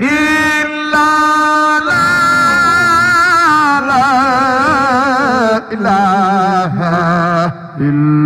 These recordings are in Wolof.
ilaha इल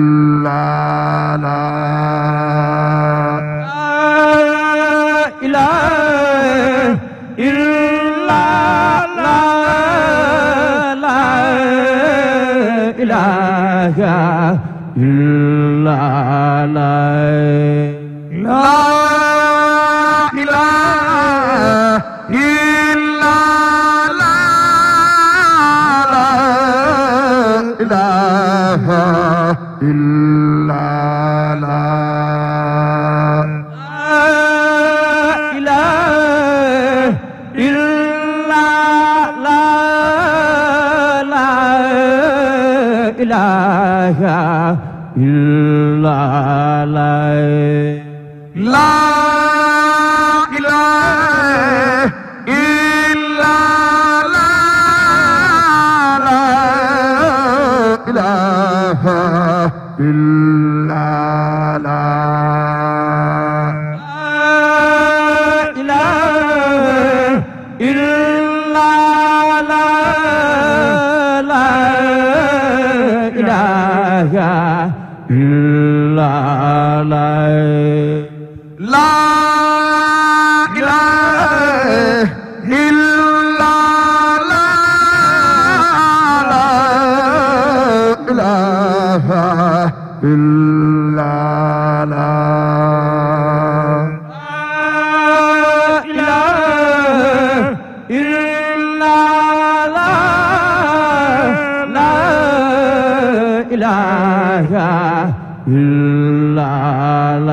ilaha illallah La 啦啦。إلا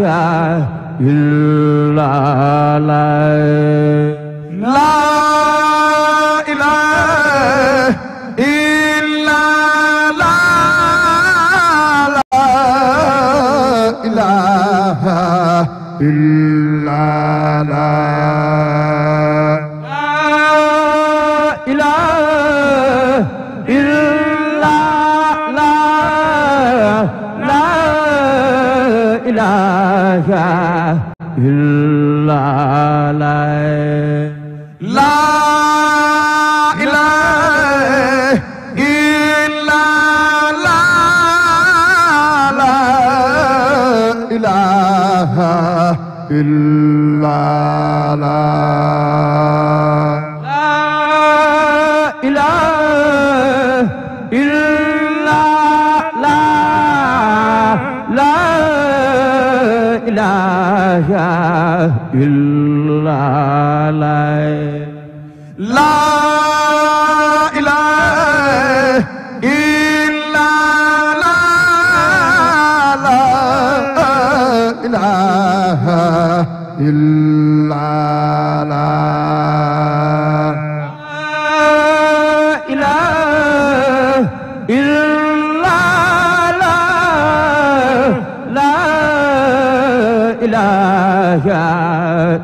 إله إلا الله illallah la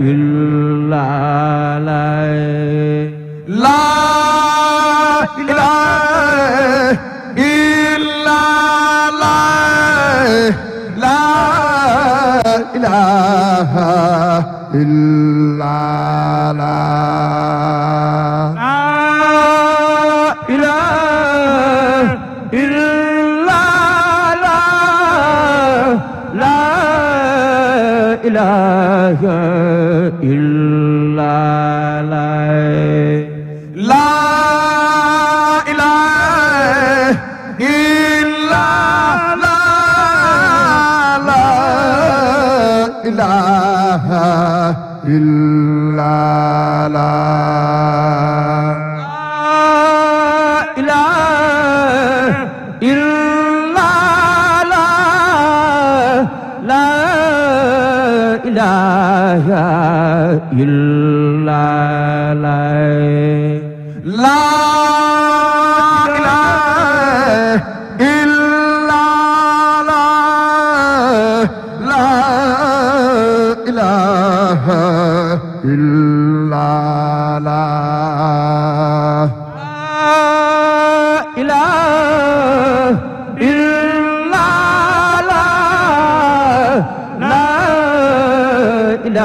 إلا عليك لا إله إلا عليك لا إله إلا عليك إله إلا لا إله إلا لا لا إله إلا لا إله إلا لا لا إله la la la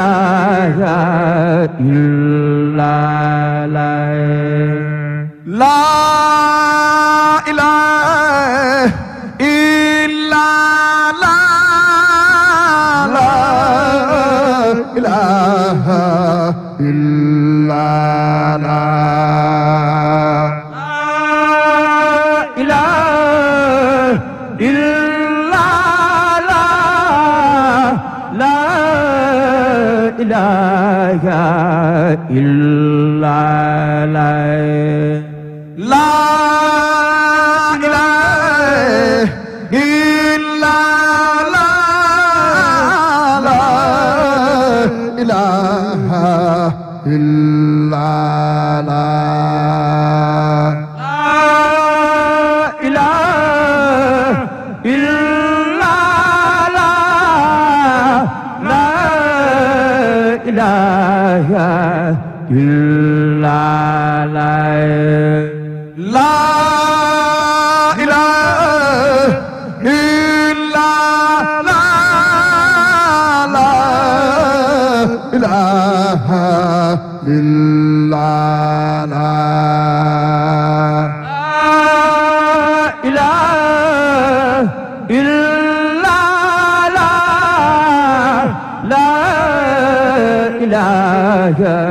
la la la ilaha la ilaha illa إلا لا لا إله إلا لا لا إله إلا لا إله إلا لا لا إله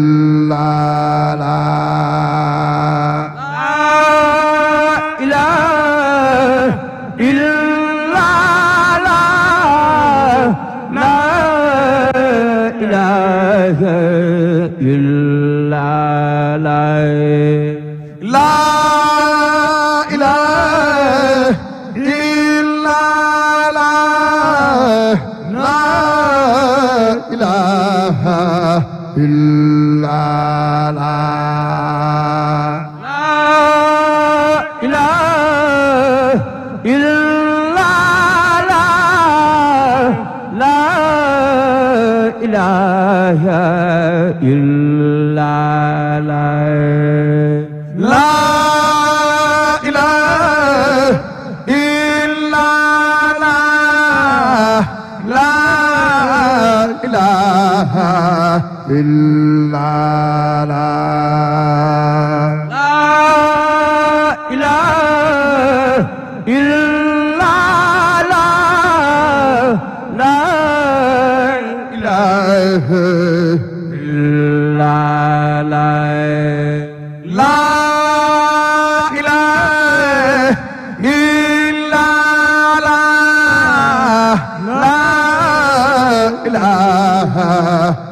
إلا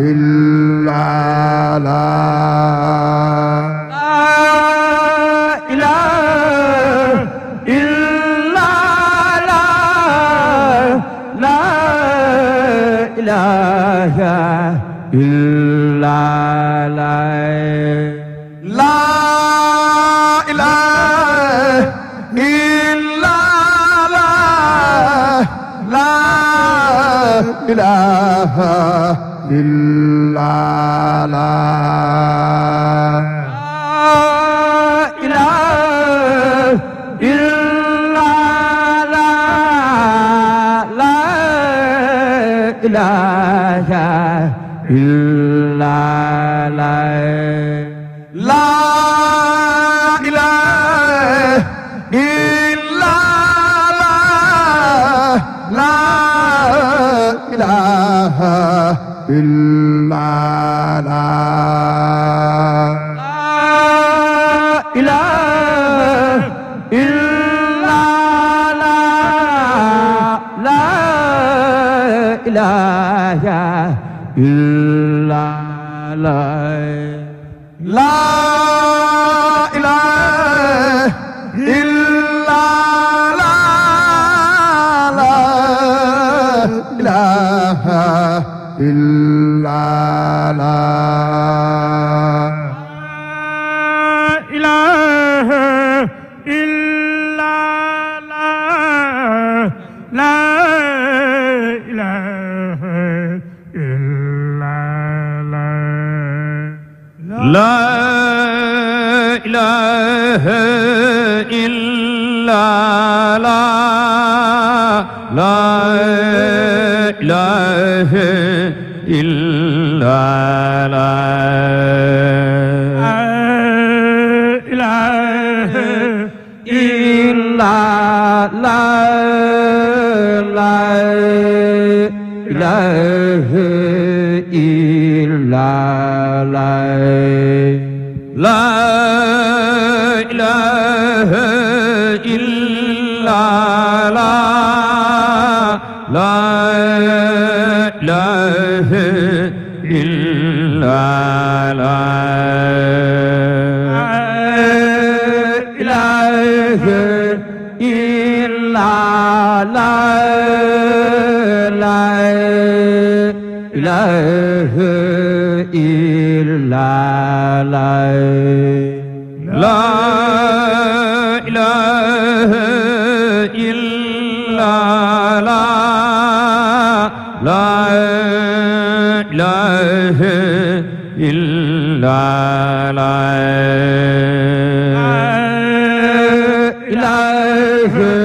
إلا لا إله إلا لا لا إله إلا لا لا إله إلا لا لا إله إلا لا إله إلا لا لا إله إلا لا لا إله إلا لا لا إله إلا لا إله إلا لا لا إله إلا لا لا la ilahe illa la ilahe illallah la ilahe illa la ilahe illallah ilaha la ilaha illallah la إله إلا لا لا إله إلا لا لا إله إلا لا إله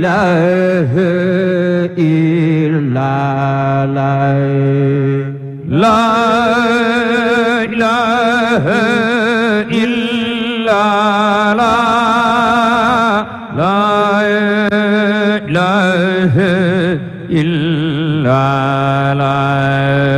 إله إلا لا لا إله إلا الله لا إله إلا الله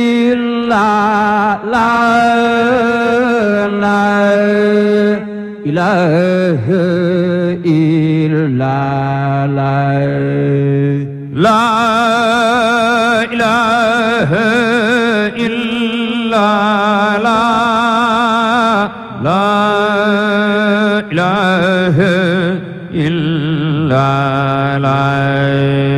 إله إلا لا لا إله إلا الله لا إله إلا الله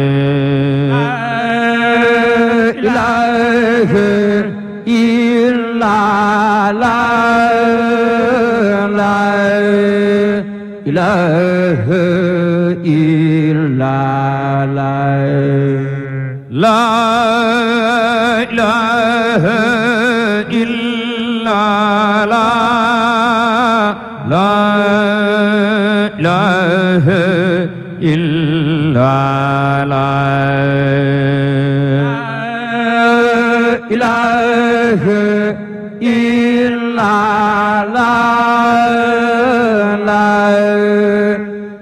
إله إلا لا لا إله إلا لا لا إله إلا لا إله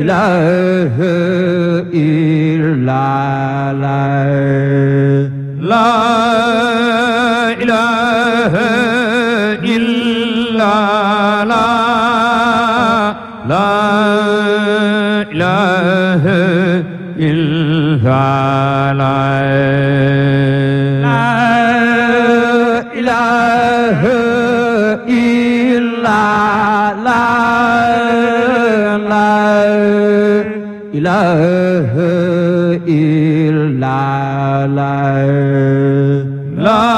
ilahe illallah la ilahe la ilahe illallah إله إلا لا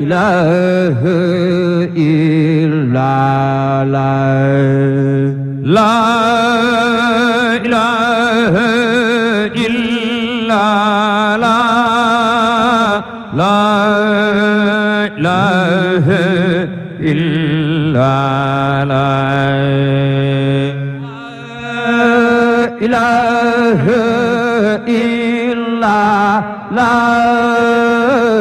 إله إلا الله لا إله إلا الله لا إله إلا الله إله إلا لا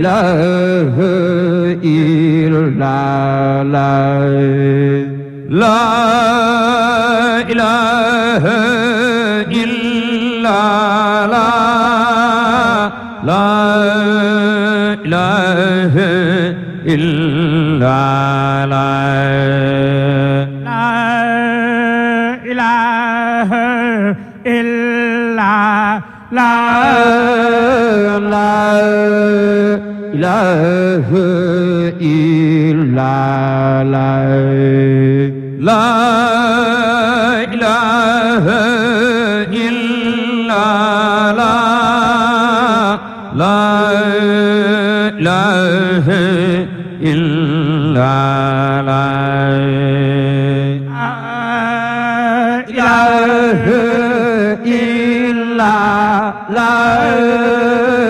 إله إلا الله لا إله إلا الله لا إله إلا الله لا إله إلا لا لا إله إلا لا لا إله إلا لا لا إله إلا لا إله إلا لا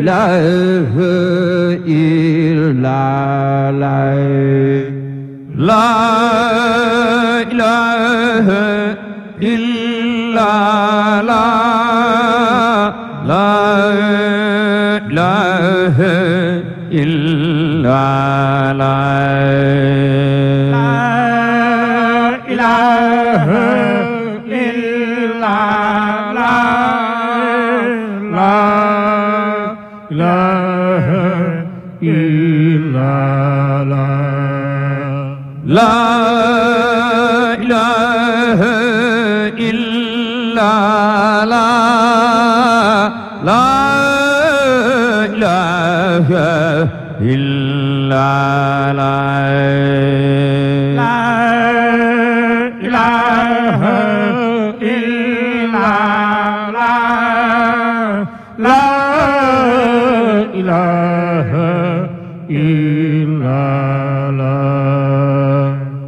ilahe illallah la ilahe illallah la ilahe illallah laa ilaaha illaa laa ilaaha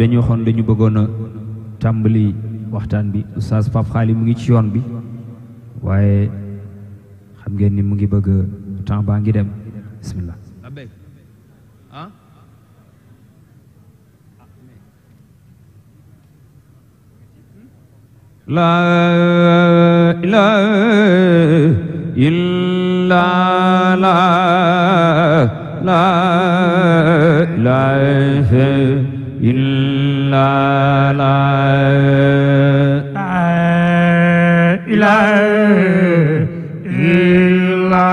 dañu waxoon dañu bëggoon a tàmbali waxtaan bi oustaz Pape Khali mu ngi ci yoon bi waaye xam ngeen ni mu ngi bëgg temps baa ngi dem bismillah La ilaha illa la la ilaha illa la la ilaha la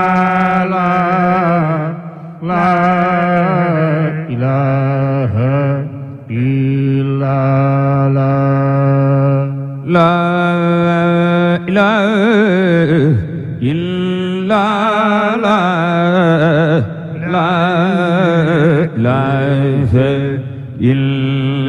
la ilaha la la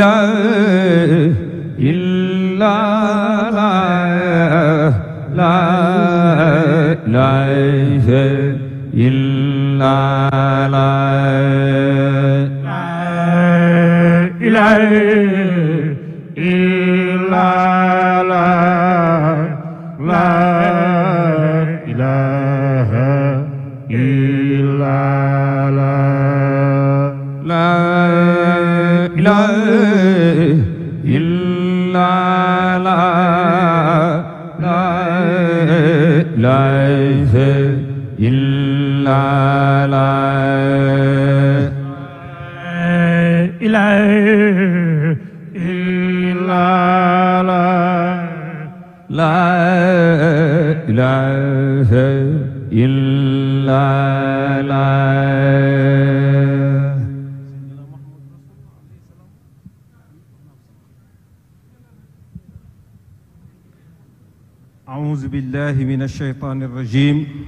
إله إلا لا لا لا إلا لا إله لا لا إله إلا لا لا إله إلا لا أعوذ بالله من الشيطان الرجيم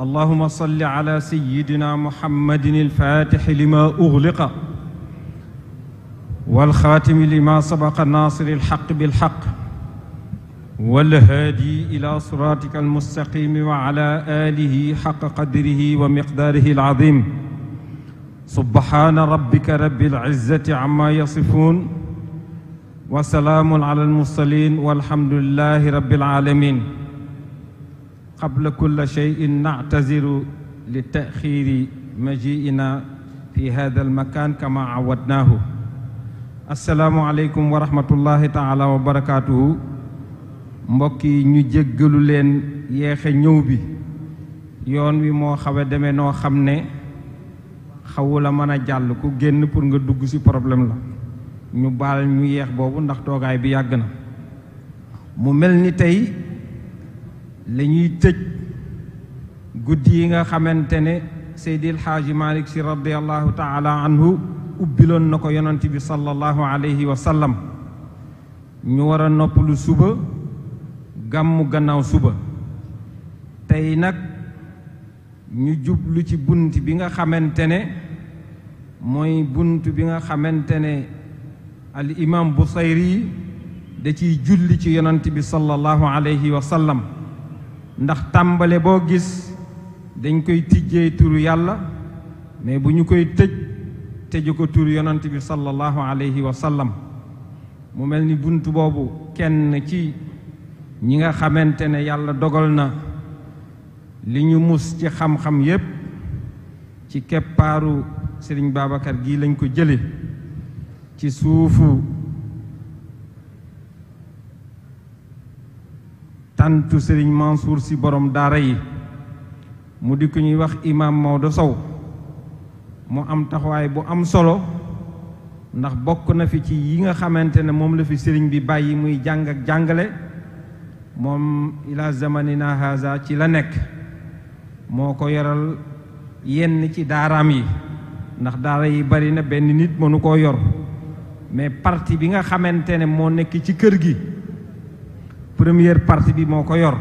اللهم صل على سيدنا محمد الفاتح لما أغلق والخاتم لما سبق الناصر الحق بالحق والهادي إلى صراطك المستقيم وعلى آله حق قدره ومقداره العظيم سبحان ربك رب العزة عما يصفون وسلام على المرسلين والحمد لله رب العالمين قبل كل شيء نعتذر لتأخير مجيئنا في هذا المكان كما عودناه السلام عليكم ورحمة الله تعالى وبركاته مبكي نجيجل لين يخي نيوبي يون بي مو خوي دمي نو خمني خوو لما نجال كو پر نغ سي پروبلم لا نبال نيوخ بوبو نخطو غاي بي مو ملني تي لني تج غوديغا خامتيني سيدي الحاج مالك رضي الله تعالى عنه اوبلون نكو يونت بي صلى الله عليه وسلم ني ورا نوبلو صبا غامو غناو صبا تاي نك ني جوبلو سي بونت بيغا خامتيني موي بونت بيغا خامتيني الامام بصيري دا سي جولي سي يونت بي صلى الله عليه وسلم ndax tàmbale boo gis dañ koy tijjee tur yàlla mais bu ñu koy tëj tëju ko turu yonant bi sallallahu alayhi wa sallam mu mel ni bunt boobu kenn ci ñi nga xamante ne yàlla dogal na li ñu mus ci xam-xam yépp ci keppaaru Sëriñ Babacar gi lañ ko jële ci suufu tantu sëriñ Mansour si borom daara yi mu di ñuy wax imam Maodo Sow mu am taxawaay bu am solo ndax bokk na fi ci yi nga xamante ne moom la fi sëriñ bi bàyyi muy jàng ak jàngale moom ila zamanina haza ci la nekk moo yoral yenn ci daaraam yi ndax daara yi bari na benn nit mënu koo yor mais parti bi nga xamante ne moo ci kër gi premier parti bi moko yor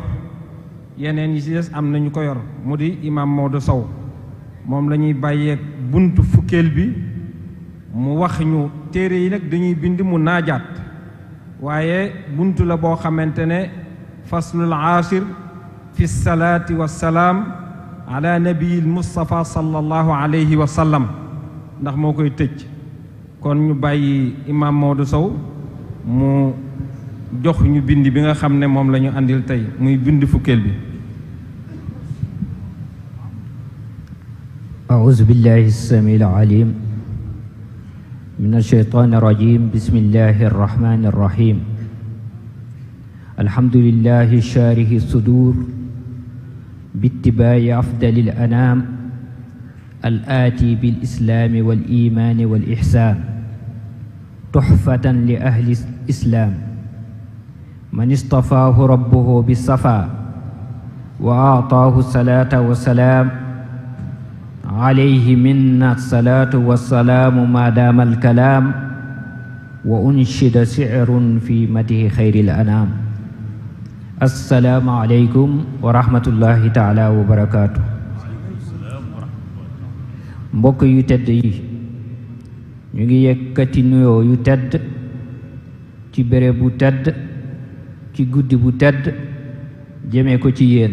yenen yi ci dess am nañu ko yor mudi imam modou Sow mom lañuy baye buntu fukel bi mu wax ñu téré yi nak dañuy bind mu najat waye buntu la bo xamantene faslul asir fi salati wassalam ala nabiyil mustafa sallallahu alayhi wa sallam ndax mokoy koy kon ñu bàyyi imam modou Sow mu jox ñu bind bi nga xam ne moom la ñu àndil tey muy bind fukkeel bi أعوذ بالله السميع العليم من الشيطان الرجيم بسم الله الرحمن الرحيم الحمد لله شاره الصدور باتباع أفضل الأنام الآتي بالإسلام والإيمان والإحسان تحفة لأهل الإسلام من اصطفاه ربه بالصفا وأعطاه الصلاة والسلام عليه منا الصلاة والسلام ما دام الكلام وأنشد سعر في مده خير الأنام السلام عليكم ورحمة الله تعالى وبركاته mbokk yu tedd yi ñu ngi yëkkati nuyoo yu tedd ci tedd ci guddi bu tedd jëmee ko ci yéen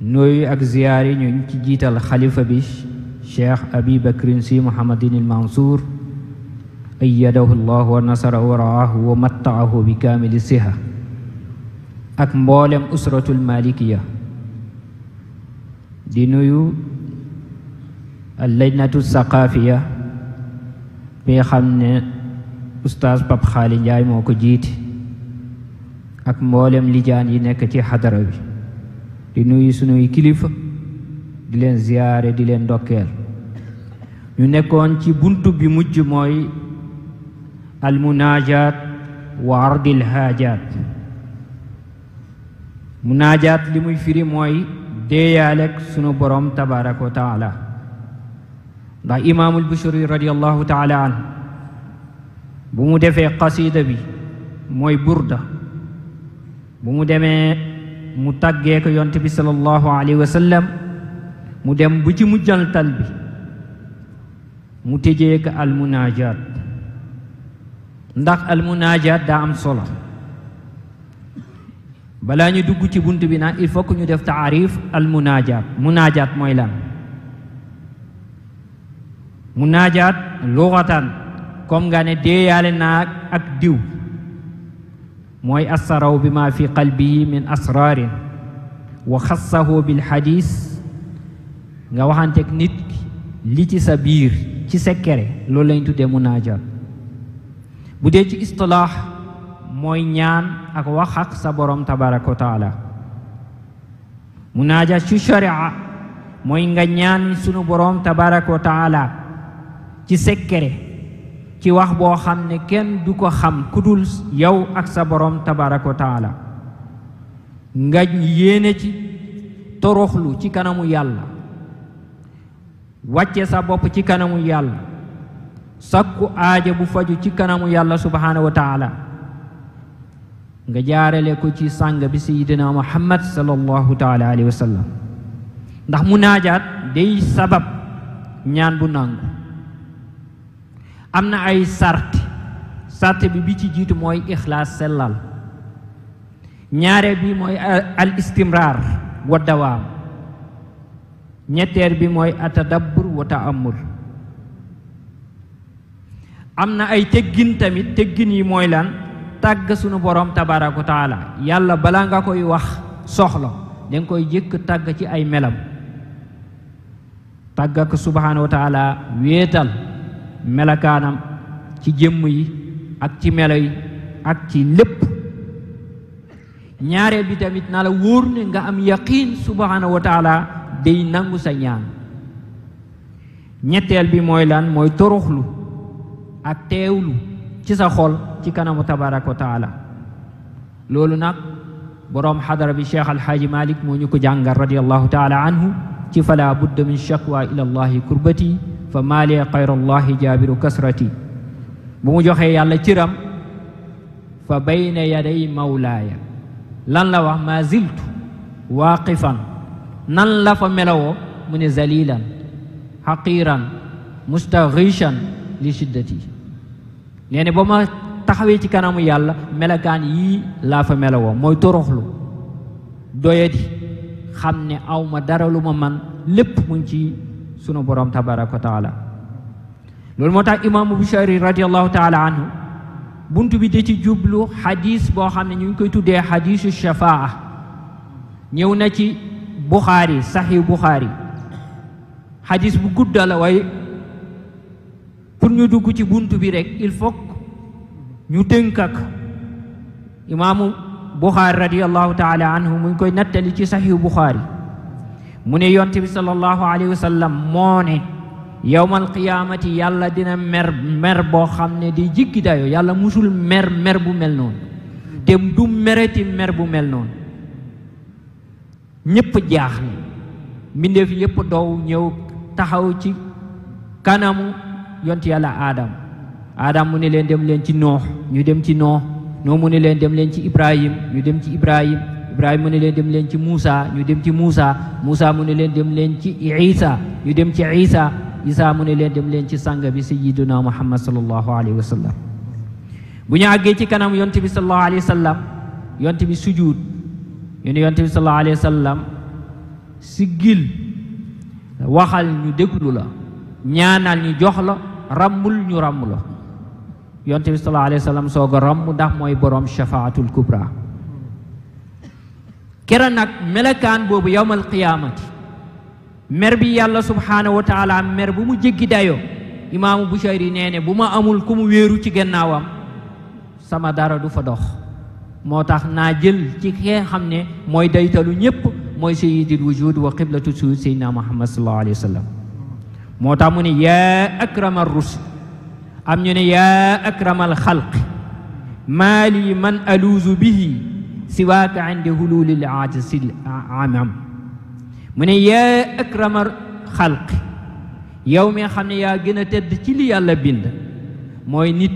nuyu ak ziyaar yi ñu ci jiital xalifa bi cheikh abi bakrin si muhammadin il mansour ayyadahu allah wa nasarahu wa raahu wa mattaahu bi kamil siha ak mboolem usratul malikiya di nuyu allajnatu saqafiya bi nga xam ne ustaas Pap Xaali Njaay moo ko ak mboolem lijaan yi nek ci hadara bi di nuyu sunu kilifa di len ziaré di len ndokkeel ñu nekkon ci buntu bi mujj moy al munajat wa ardil hajat munajat li muy firi mooy deeyaaleeg sunu borom tabaaraku ta'ala da imam al bushri radiyallahu taala an bu mu defé qasida bi moy burda bu mu demee mu tàggee ko yonte bi sallallahu wa sallam mu dem bu ci mujjantal bi mu tëjee ko almunaajaat ndax almunaajaat daa am solo balaa ñu dugg ci bunt bi nag il faut que ñu def taarif almunaajaat munaajaat mooy lan munaajaat luxatan comme nga ne deeyaale naa ak diw mooy assaraw bi ma fi qalbihi min asraarin wa xassahu bil xadis nga waxanteeg nit li ci sa biir ci sekkere loolu lañ tuddee munaaja bu dee ci istilaax mooy ñaan ak wax ak sa borom tabaraka wa taala munaaja ci sharia mooy nga ñaan sunu borom tabaraka wa taala ci sekkere ci wax boo xam ne kenn du ko xam ku dul yow ak sa borom tabaraka wa taala nga yéene ci toroxlu ci kanamu yàlla wàcce sa bopp ci kanamu yàlla sakku aaja bu faju ci kanamu yàlla subhaanahu wa taala nga jaarale ko ci sàng bi sayidina muhammad sallallahu taala alayhi wa sallam ndax munaajaat day sabab ñaan bu nangu am na ay sart sart bi bi ci jiitu mooy ixlaas sellal ñaare bi mooy al istimrar wa bi mooy atadabbur wa am na ay teggin tamit teggin yi mooy lan tàgg sunu borom tabaaraka wa yàlla balaa nga koy wax soxla danga koy jëkk tàgg ci ay melam tàgg ak subhaana wa wéetal melakaanam ci jëmm yi ak ci melo yi ak ci lépp ñaareel bi tamit na la wóor ne nga am yaqiin subhanahu wa taala day nangu sa ñaan ñetteel bi mooy lan mooy toroxlu ak teewlu ci sa xol ci kanamu tabaraka wa taala loolu nag boroom xadara bi cheikh alxaaji malik moo ñu ko jàngal radiallahu taala anhu فلا بد من شكوى الى الله كربتي فما لي غير الله جابر كسرتي بمو جوخه يالا تيرام فبين يدي مولاي لان لا ما زلت واقفا نن لا فملو من ذليلا حقيرا مستغيشا لشدتي نيني بما تخاوي تي كانامو يالا ملكان يي لا فملو موي توروخلو دويتي xam ne aw ma daralu ma man lépp mu ci sunu borom tabaraka wa taala loolu moo tax imaamu Bushari radiallahu taala anhu bunt bi da ci jublu xadis boo xam ne ñu ngi koy tuddee u shafaa ñëw na ci Buxaari saxi Buxaari xadis bu gudda la waaye pour ñu dugg ci bunt bi rek il faut ñu tënk imaamu buxaari radiallahu taala anhu mu ngi koy nattali ci saxihu buxaari mu ne yonte bi sallallahu alayhi wa sallam moo ne yowmal qiyaamati yàlla dina mer mer boo xam ne di jiggi dayo yàlla musul mer mer bu mel noonu te du mereti mer bu mel noonu ñépp jaax ne mbindeef yépp doow ñëw taxaw ci kanamu yont yàlla aadam aadam mu ne leen dem leen ci noox ñu dem ci noox ñoo mu ne leen dem leen ci ibrahim ñu dem ci ibrahim ibrahim mu ne leen dem leen ci musa ñu dem ci musa musa mu ne leen dem leen ci isa ñu dem ci isa isa mu ne leen dem leen ci sanga bi sayyiduna muhammad sallallahu alaihi wasallam bu ñu àggee ci kanam yonte bi sallallahu alaihi wasallam yonte bi sujud ñu ne yonte bi sallallahu alaihi wasallam sigil waxal ñu déglu la ñaanal ñu jox la ñu la yonte bi sallallahu alayhi wa sallam soog ndax mooy borom shafaatul kubra kera nag melekaan boobu yowmal qiyaamati mer bi yàlla subhaanahu wa taala mer bu mu jéggi dayoo imaamu Bushayri nee ne amul kumu mu wéeru ci gannaawam sama dara du fa dox moo tax naa jël ci kee xam ne mooy daytalu ñépp mooy sayyidil wujud wa qiblatu sayyidina muhammad sallallahu alayhi wa sallam mu ne yaa akrama rusul am ñu ne yaa akramal xalq maa lii man aluuzu bihi siwaaka inde hululil ajisil amam mu ne yaa akramal xalq yow mi xam ne yaa gën a tedd ci li yàlla bind mooy nit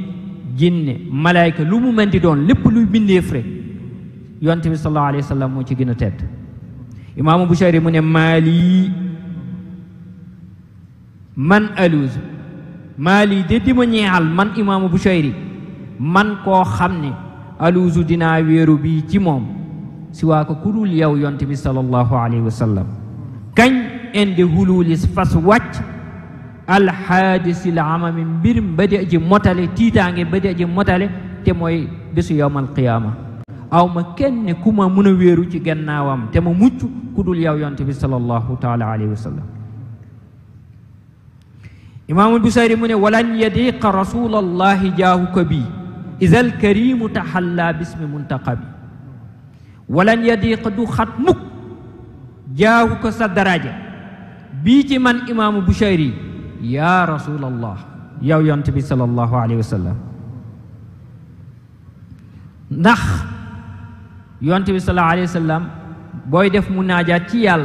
jinne malaayka lu mu mën di doon lépp luy bindeef fre yonte bi sallallahu alayhi wasallam moo ci gën a tedd imaamu Bushari mu ne maa lii man aluuzu maa lii de di ma ñeexal man imaamu Bushayri man koo xam ne aluusu dinaa wéeru bii ci moom si waa ko ku dul yow yonte bi sallallahu alayhi wa sallam kañ indi huluulis fas wàcc alxaadisil amami mbir ba di aji motale tiitaange ba di aji motale te mooy bésu yowmal qiyaama aw ma kenn ku ma mun a wéeru ci gannaawam te ma mucc ku dul yow yonte bi sallallahu taala alayhi wa sallam إمام البسيري من ولن يضيق رسول الله جاهك كبي إذا الكريم تحلى باسم منتقب ولن يضيق دو ختمك جاهك كصدراجه بيتي من إمام البشيري يا رسول الله يا ينتبي صلى الله عليه وسلم نخ ينتبي صلى الله عليه وسلم sallam ديف def يال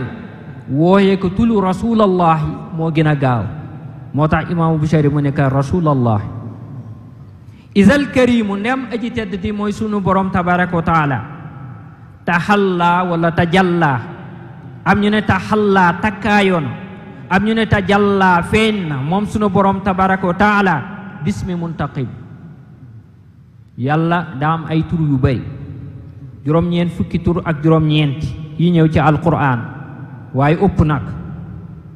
ووهيك تلو رسول الله مو rasulallahi moo moo tax imaamu Buchari mu ne ka rasulallah isal karimu ndem aji tedd di mooy sunu borom tabaraka wa taala taxallaa wala tajallaa am ñu ne taxallaa takkaayoon am ñu ne tajallaa feeñ na moom sunu borom tabaraka wa taala bismi muntaqim yàlla daa am ay tur yu bëri juróom-ñeent fukki tur ak juróom-ñeent yi ñëw ci alquran waaye ëpp nag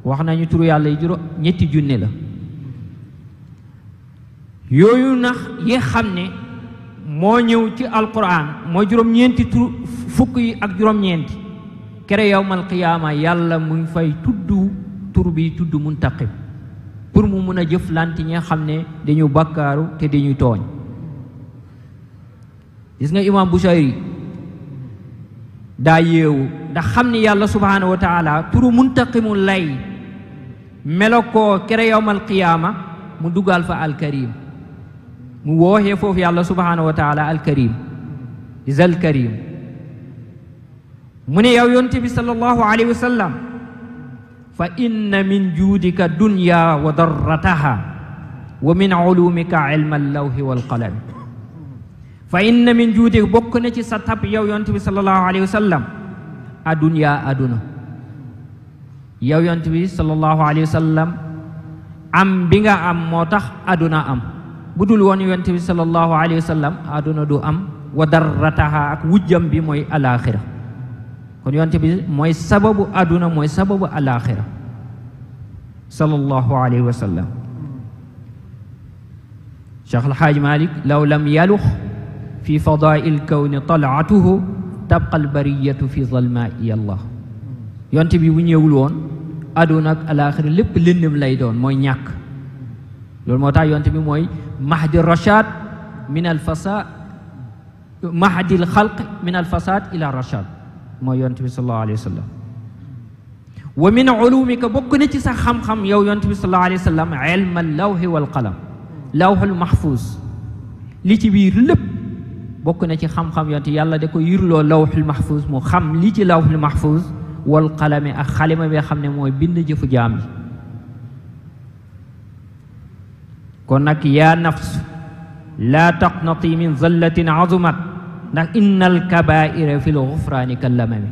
wax nañu tur yàlla yi juróom ñetti junne la yooyu nax yi xam ne moo ñëw ci alquran mooy juróom-ñeenti tur fukk yi ak juróom-ñeenti kere yowmal qiyaama yàlla mu fay tudd tur bi tudd muntaqim pour mu mën a jëflante ñi xam ne dañu bàkkaaru te dañuy tooñ gis nga imam Bushayri daa yeewu ndax xam ne yàlla subhaanahu wa taala turu muntaqimu lay melokoo kere yowmal qiyaama mu dugal fa alkarim mu wooxee foofu yàlla subhanahu wa taala alkarim di zal karim mu ne yow yonte bi sallallahu alayhi wa sallam fa inna min juudika dunya wa darrataha wa min ulumika ilma allawhi walqalami fa inna min juudika bokk na ci sa tab yow yonte bi sallallahu alayhi wa sallam adunya aduna yow yonent bi sallallahu alayhi wasallam am bi nga am motax aduna am budul won woon bi sallallahu alayhi wasallam aduna du am wa darrataha ak wujjam bi mooy alaxira kon yonent bi moy sababu aduna moy sababu alaxira sallallahu alayhi wasallam شيخ الحاج مالك لو لم يلخ في yalux الكون طلعته تبقى البرية في ظلماء الله yonte bi bu ñëwul woon aduna ak alaxira lépp lëndëm lay doon mooy ñàkk loolu moo tax yonte bi mooy mahdi rachad min al fasa mahdi al xalq min al fasad ila rachad mooy yonte bi salallahu alayhi wa sallam wa min ulumika bokk na ci sa xam-xam yow yonte bi salallahu alayhi wa sallam ilm al lawhi wal qalam lawhul mahfuz li ci biir lépp bokk na ci xam-xam yonte yàlla da ko yirloo lawhul mahfuz mu xam li ci lawhul mahfuz wal xalami ak xalima bi xam ne mooy bind jëfu jaam yi kon nag yaa nafs laa taqnati min zallatin azumat ndax inna alkabaira fi lgufraani kallamami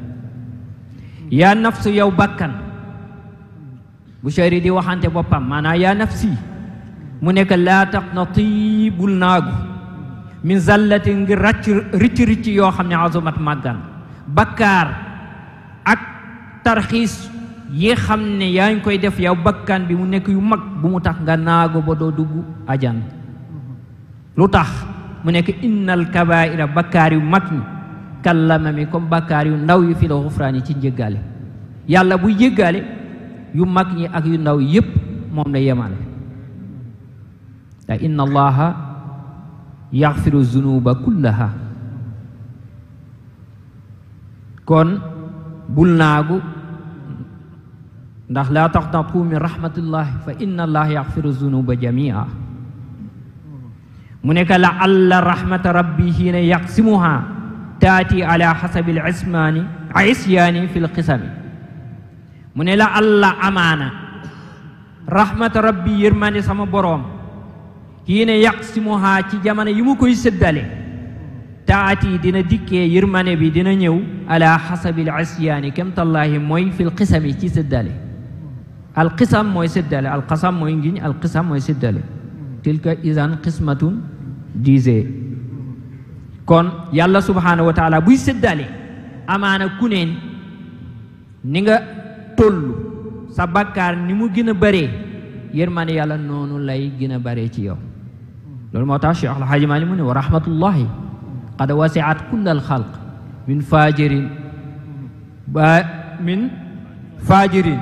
yaa nafsu yow bakkan bu shari di waxante boppam maanaa yaa nafsi mu nekk laa taqnati bul naagu min zallatin ngir racc ricc ricc yoo xam ne azumat màggan bakkaar ak tarxiis yi xam ne yaa ngi koy def yow bakkan bi mu nekk yu mag bu mu tax nga naago ba doo dugg ajan lu tax mu nekk innal kabaira bakkaar yu mag ñi kallama mi comme bakkaar yu ndaw yu fi la xufraan yi ci njëggaale yàlla buy jëggaale yu mag ñi ak yu ndaw yépp moom la yemale te inna allaha yaxfiru zunuba kullaha kon bul naagu ndax laa taxtatu min rahmatillahi fa inna allaha yaxfiru zunuba jamia mu nekk la alla rahmata rabbi hiina yaqsimuha taati ala xasabi lismaani isyaani fi lqisami mu ne la alla amaana rahmata rabbi yërmande sama boroom hiina yaqsimuha ci jamono yi mu koy séddale تاعتي دينا ديكي يرماني بي دينا نيو على حسب العصيان كم تالله موي في القسم تي سدالي القسم موي سدالي القسم موي نجي القسم موي سدالي تلك اذا قسمة ديزي كون يالا سبحانه وتعالى بوي سدالي امانه كونين نيغا تولو سباكار نيمو غينا بري يرماني يالا نونو لاي غينا بري تي يو لول موتاش الحاج مالي ورحمه الله qad wasi'at kullal khalq min fajirin ba min fajirin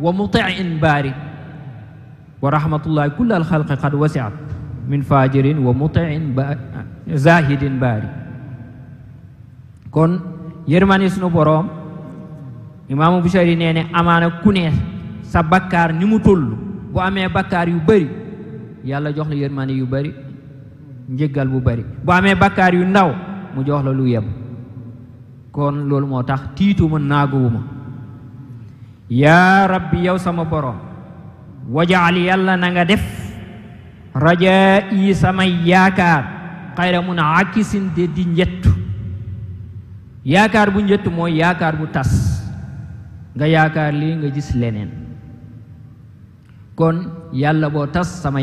wa muti'in bari wa rahmatullahi kullal khalq qad wasi'at min fajirin wa muti'in ba zahidin bari kon yermani sunu borom Imam Busiri nee ne amaana ku ne sa bakkaar ni mu toll bu amee bakkaar yu bari jox yermani yu bari njegal bu bari bu amee bakkaar yu ndaw mu jox la lu kon loolu moo tax tiituma ya rabbi yow sama borom wajaal na nga def raja yi samay yaakaar mun akisin de di njettu yaakaar bu njëtt mooy yaakaar bu nga nga gis kon yalla boo tas sama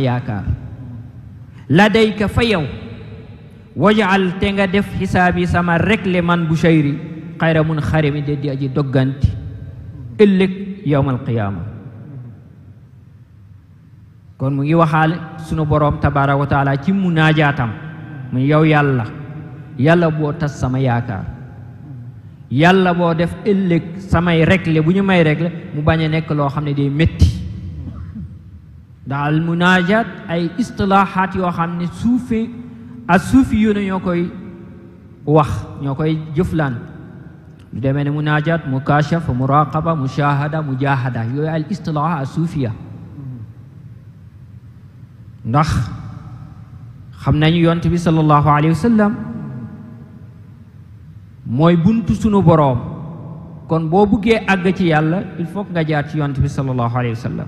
ladayka fa yow wajal te nga def xisaabi sama rek le man bu shayri xayra mun xarimi de di aji dogganti ëllëg yowmal qiyaama kon mu ngi waxaale sunu boroom tabaaraka wa taala ci mu naajaatam mu yow yàlla yàlla boo tas sama yaakaar yàlla boo def ëllëg samay regle bu ñu may regle mu bañ a nekk loo xam ne day métti dal munajat ay istilahat yo xamne soufi suufi soufi yo ñokoy wax ñokoy jëflan du démé demee ne munajat mukashaf muraqaba mushahada mujahada yo al istilah ak soufiya ndax xam nañu yonte bi sallallahu alayhi wasallam moy buntu sunu borom kon bo buggee ag ci yàlla il faut nga jaar ci yonte bi sallallahu alayhi wasallam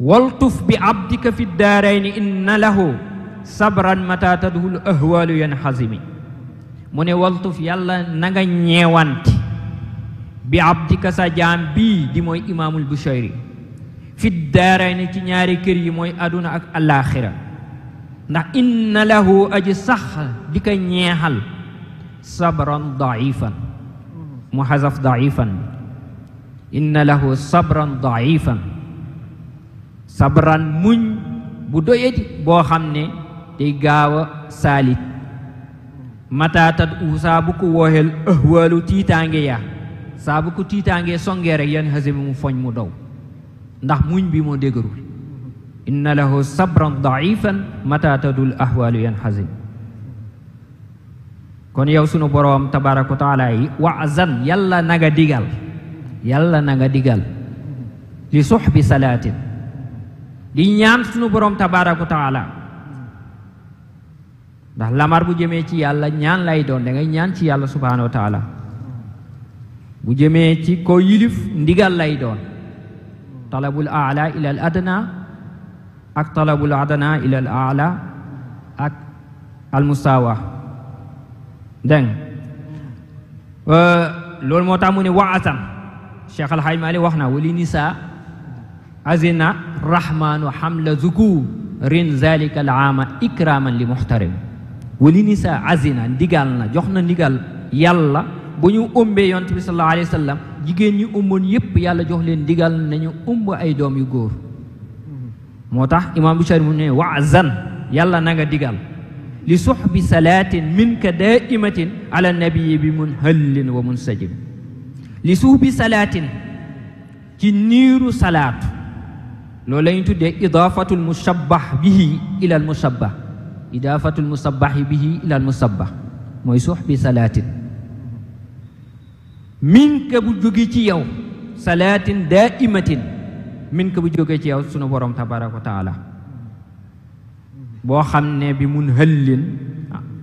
والطف بعبدك في الدارين إن له صبرا متى تدهو الأهوال ينحزمي من والطف يلا نغا نيوانت بعبدك سجام بي دي موي إمام البشيري في الدارين تي نياري كيري موي أدونا أك الآخرة نا إن له أجي صح ديك نيهال صبرا ضعيفا محذف ضعيفا إن له صبرا ضعيفا Sabran muñ bu doyati boo xam ne day gaaw a mata tad u saa bu ko wooxeel ëhwaalu tiitaange yaa saa bu ko tiitaangee songee rek yan xasimi mu foñ mu daw ndax muñ bi moo dégërul inna lahu sabran daifan mata tadul ahwalu yan hazim. kon yow sunu boroom tabaraka wa taala yi wazan naga digal yalla naga digal li suxbi di ñaan sunu borom tabaraka taala ndax lamar bu jëmee ci yàlla ñaan lay doon da ngay ñaan ci yàlla subhanahu wa taala bu jëmee ci ko yilif ndigal lay doon talabul aala ila al adna ak talabul adna ila al a'la ak al musawa deng euh, loolu moo tax waatan ne waasan cheikh alhaaj mali wax wali nisa عزنا الرحمن وحمل ذكور ذلك العام إكراما لمحترم ولنساء عزنا ndigalna jox na ndigal yàlla bu ñu umbee yonent bi sallallahu alayhi wa sallam jigéen ñi umboon yépp yàlla jox leen ndigal nañu umb ay doom yu góor moo tax imaam Buchari mu ne waazan yàlla na nga digal li suxbi salaatin minka daaimatin ala nabii bi mun hëllin wa mun sajib li suxbi salaatin ci niiru salaatu لولين تدي إضافة المشبه به إلى المشبه إضافة المشبه به إلى المشبه ميسوح بصلاة منك بجوغيتي يو صلاة دائمة منك بجوغيتي يو سنو برام تبارك وتعالى بوخمنا بمنهل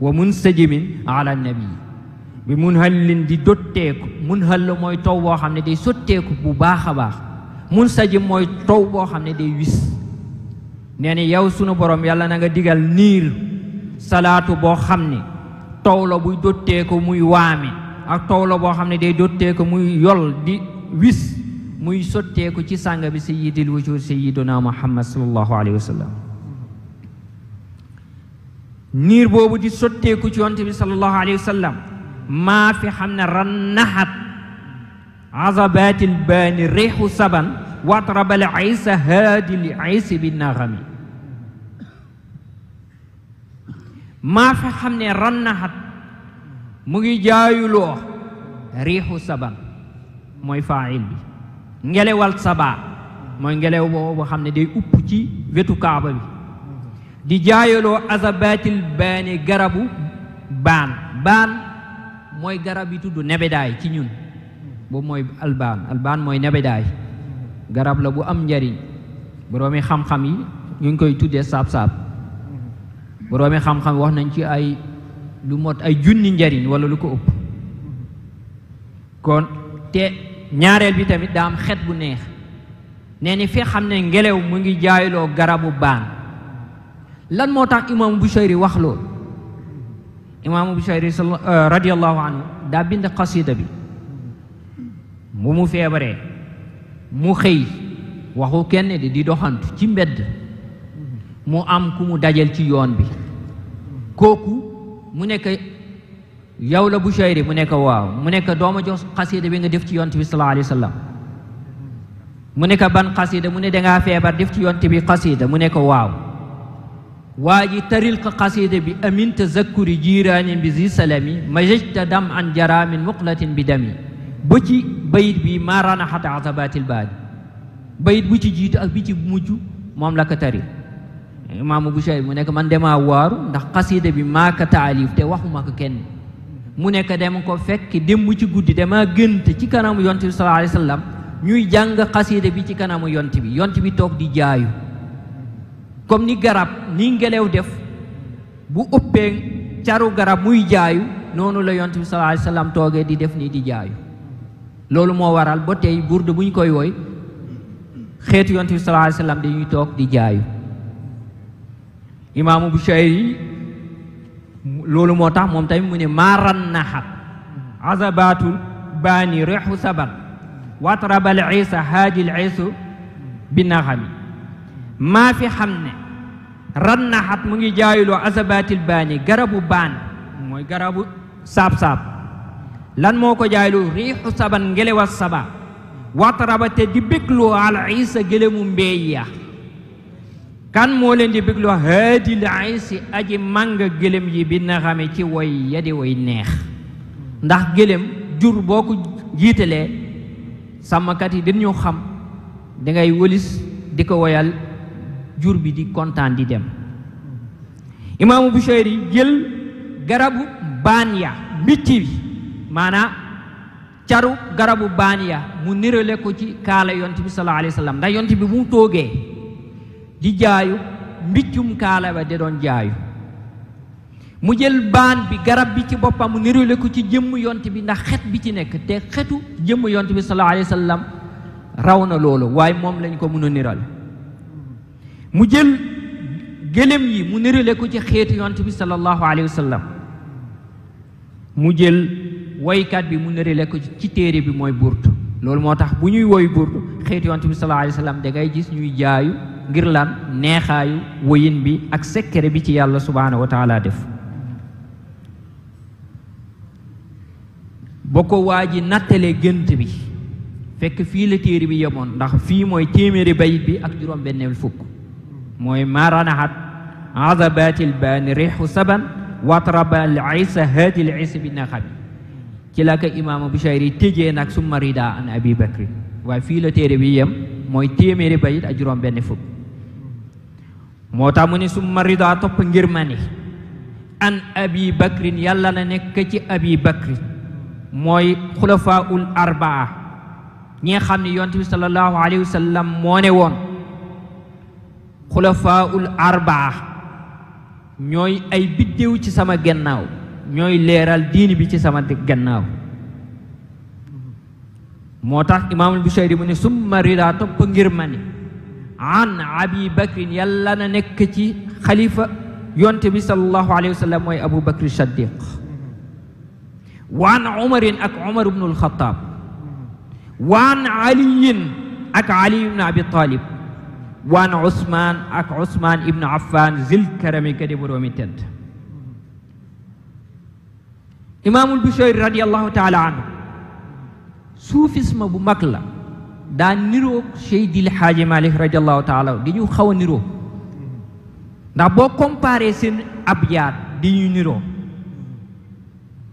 ومنسجم على النبي بمنهل دي دوتيك منهل موي تو بوخمنا دي سوتيك بو باخ باخ saji mooy tow boo xam ne day wis nee ni yow sunu borom yàlla na nga digal niir salaatu boo xam ne taw la buy dottee ko muy waame ak taw la boo xam ne day dottee muy yol di wis muy sotteeku ci sàng bi sayyidil wujud sayyiduna muhammad sallallahu alayhi wa sallam niir boobu di sotteeku ci yonte bi sallallahu alayhi wa sallam xam ne rannaxat عذبات البان الريح سبا واطرب العيس هادي العيس بالنغم ما فهمني رنحت مغي جاي لوح ريح سبا موي فاعل بي نجلي والد سبا موي نجلي وخمني دي اوبتي ويتو كعبة بي دي جاي عذبات البان غرب بان بان موي غرب يتو دو نبداي تي boobu mooy albaan albaan mooy nebedaay garab la bu am njariñ boroomi xam-xam yi ñu ngi koy tuddee saab-saab boroomi xam-xam wax nañ ci ay lu mot ay junni njariñ wala lu ko ëpp kon te ñaareel bi tamit daa am xet bu neex nee ni fi xam ne ngelaw mu ngi jaayloo garabu baan lan moo tax imaamu Bushayri wax loolu imaamu Bushayri euh, radiyallahu anhu daa bind xasida bi mu mu febré mu xëy waxu kenn di di doxantu ci mbedd mu am ku mu dajel ci yoon bi koku mu nek yaw la Bushayri mu nek waaw mu nekk dooma jox qasida bi nga def ci yoon tibi sallallahu alayhi wasallam mu nek ban qasida mu ne da nga febar def ci yoon tibi qasida mu nek waaw waji taril ka qasida bi amin tazakkuri jiranin bi zi salami majajta dam an jaramin muqlatin bi dami bu ci bayit bi maaranaxat azabatil baadi bayit bu ci jiitu ak bi ci mujj moom la ko tari imaamu Busayri mu nekk man demaa waaru ndax xasida bi maa ko taalif te waxuma ko kenn mu nekk dem ko fekk démb ci guddi dama gënt ci kanamu yont bi sallallahu ñuy jàng xasida bi ci kanamu yont bi yont bi toog di jaayu comme ni garab ni ngelaw def bu uppee caru garab muy jaayu noonu la yont bi sallallahu alayhi wa toogee di def nii di jaayu loolu mo waral ba tay bourde buñ koy woy xeetu yonti sallallahu alayhi wasallam dañuy tok di jaayu imam bu shay moo motax mom tay mu ne maaran naxat azabatul rihu rexu watrab al isa haajil isu bi naxami maa fi xam ran nahat mu ngi jaayuloo azabatil bani garabu ban moy garabu saab-saab lan moo ko jaaylu riixu saban ngelewa saba wataraba te di bégloo al isa gélemu mbeey ya kan moo leen di bégloo haadil isi aji màng gélem yi bi naxami ci woy ya di woy neex ndax gélem jur boo ko jiitalee sàmmkat yi dañu xam dangay wëlis di ko woyal jur bi di kontaan di dem imaamu Bushayri jël garabu baan ya mbicc bi maanaam caru garabu baan ya mu nirale ko ci kaala yonent bi sallallahu alayhi wa sallam ndax yonent bi mu toogee di jaayu mbiccum kaala ba da doon jaayu mu jël baan bi garab bi ci boppam mu nirale ko ci jëmm yont bi ndax xet bi ci nekk te xetu jëmm yont bi sallallahu alayhi wa sallam raw na loolu waaye moom lañ ko mën a niral mu jël gëlëm yi mu nirale ko ci xeetu yont bi sallallahu alayhi wa sallam mu jël ويكاد بي مو نري لك سي تيري بي موي بورت لول موتاخ بو نيو ووي بورت خيت يونتي صلى الله عليه وسلم داغي جيس نيو جايو غير لان نيهايو ويين بي اك سيكري بي تي الله سبحانه وتعالى ديف بوكو واجي ناتلي گنت بي فك في لا تيري بي يمون داخ في موي تيميري بايت بي اك جوروم بنيل فوك موي مارانحات عذبات البان ريح سبن وطرب العيس هادي العيس بالنخبي ci la ko imaamu Bushayri tëjee nag summa rida an abi bakri waaye fii la téere bi yem mooy téeméeri bayit ak juróom benn moo tax mu ne summa rida topp ngir ma ni an abi bakrin yàlla na nekk ci abi bakri mooy xulafaul arbaa ñi nga xam ni yonent bi sallallahu alayhi wa moo ne woon xulafaul arbaa ñooy ay biddew ci sama gennaaw ñooy leeral diini bi ci sama gannaaw moo tax imaamul Busayri mu summa rida topp ngir ma ni an abi bakrin yàlla na nekk ci xalifa yonte bi salallahu alayhi wa sallam abu bakri saddiq waan umarin ak umar ibnu alxataab waan aliyin ak ali ibnu abi talib waan usmaan ak usmaan ibnu affan zil karami kadi boroomi tent al Busayri radiyallahu taala anhu soufisme bu makla da niro niroo Seydil haji Malik radiyallahu taala di ñu xaw niro da bo boo comparé seen abyaat di ñu niroo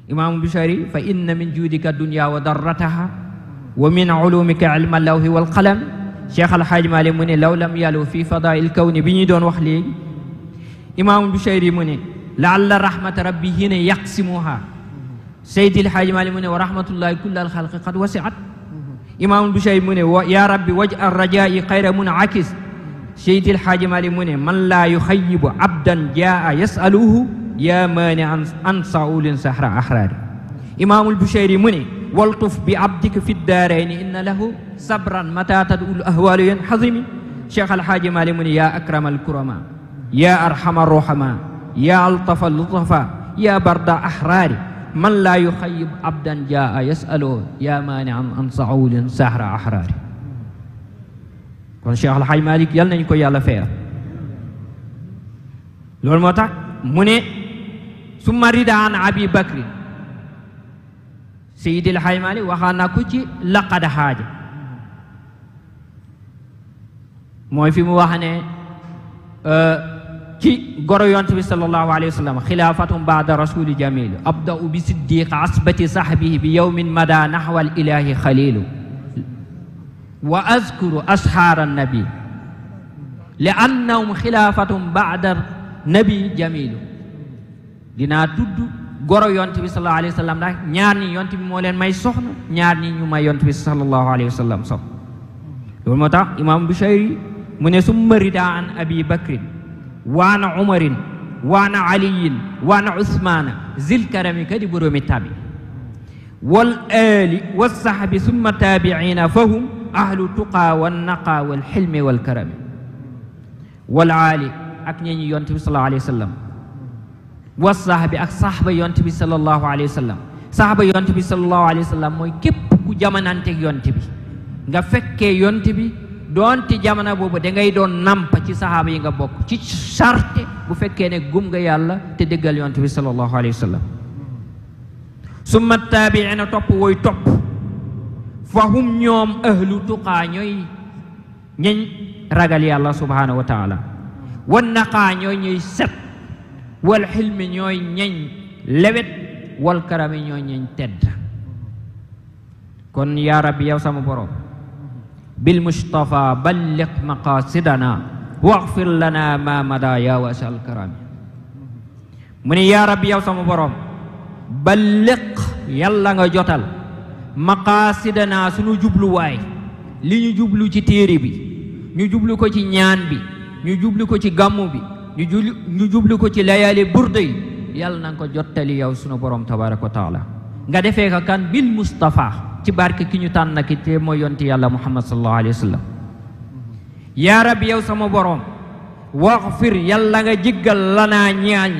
imaamul Busayri fa inna min judika dunya wa darrataha wa min ulumika ilma lawhi wal qalam cheikh al-haji malik muné law lam yalu fi fadail kawni bi don doon wax léegi imaamul Busayri laalla rahmat rabbi hine yaqsimuha سيدي الحاج مالي من ورحمة الله كل الخلق قد وسعت إمام بشاي من يا ربي وجه الرجاء خير عكس سيدي الحاج مالي من من لا يخيب عبدا جاء يسأله يا مانع عن صعول سحر أحرار إمام البشير مني والطف بعبدك في الدارين إن له صبرا متى تدعو الأهوال ينحزم شيخ الحاج مالي مني يا أكرم الكرماء يا أرحم الرحماء يا ألطف اللطفاء يا برد أحراري من لا يخيب عبدا جاء يسأله يا مانع أن صعود سحر أحرار قال شيخ الحي مالك يلنا نكو يالا فيه لول موتا مني ثم رد عن أبي بكر سيدي الحي مالك وخانا كوتي لقد حاجة موي في مواحنة ci goro yonte bi sallallahu alayhi wa sallam xilaafatum baada rasuli jamil abda'u bi siddiq asbati sahbihi bi yawmin mada nahwa al ilahi khalilu wa azkuru ashar an nabi liannahum xilaafatum baada nabi jamilu dinaa tudd goro yonte bi sallallahu alayhi wa sallam ndax ñaar ñi yonte bi moo leen may soxna ñaar ñi ñu may yonte bi sallallahu alayhi wa sallam soxna loolu moo tax imam bushayri mu ne summa rida an abi bakrin وانا عمر وانا علي وانا عثمان ذي الكرم كدي بروم التابع والآل والصحب ثم تابعين فهم أهل التقى والنقى والحلم والكرم والعالي أكنين ينتبه صلى الله عليه وسلم والصحب أك صحب ينتبه صلى الله عليه وسلم صحب ينتبه صلى الله عليه وسلم موي كيب كو جامانانتك يونتبي nga fekke yonte doonte jamono boobu da ngay doon namp ci saxaaba yi nga bokk ci charte bu fekkee ne gum nga yàlla te déggal yonent bi sallallahu alayhi wa sallam summa taabiina topp wooy topp fa hum ñoom ahlu tuqaa ñooy ñañ ragal yàlla subhaanahu wa taala wan naqaa ñooy ñuy set wal xilmi ñooy ñañ lewet wal karami ñooy ñañ tedd kon yaa rabbi yow sama borom بالمصطفى بلغ مقاصدنا واغفر لنا ما مدى يا واسع الكرام mu ni yaa rabbi yow sama borom balliq nga jotal maqaasidana sunu jubluwaay li ñu jublu ci téere bi ñu jublu ko ci ñaan bi ñu jublu ko ci gàmmu bi ñu jublu ñu jublu ko ci layaali burda yàlla na ko jottali yow sunu borom tabaraka taala nga defee ko kan bil Mustafa ci barke ki ñu tan nak ci mo yonti yàlla muhammad sallallahu alayhi wasallam ya rab yow sama borom waghfir yàlla nga jigal lana ñaañ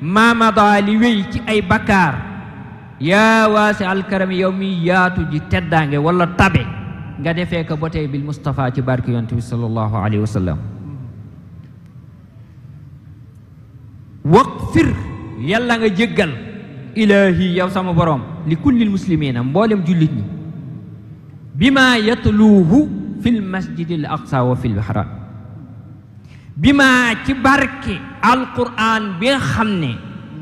ma dali wéy ci ay bakkaar yaa waasi alkarami yow mi yaatu ji teddange wala tabe nga defé ko boté bil mustafa ci barke yonte bi sallallahu alayhi wasallam waghfir yàlla nga jigal ilahi yow sama borom لكل المسلمين مبولم جلتني بما يتلوه في المسجد الأقصى وفي البحران بما تبارك القرآن بخمني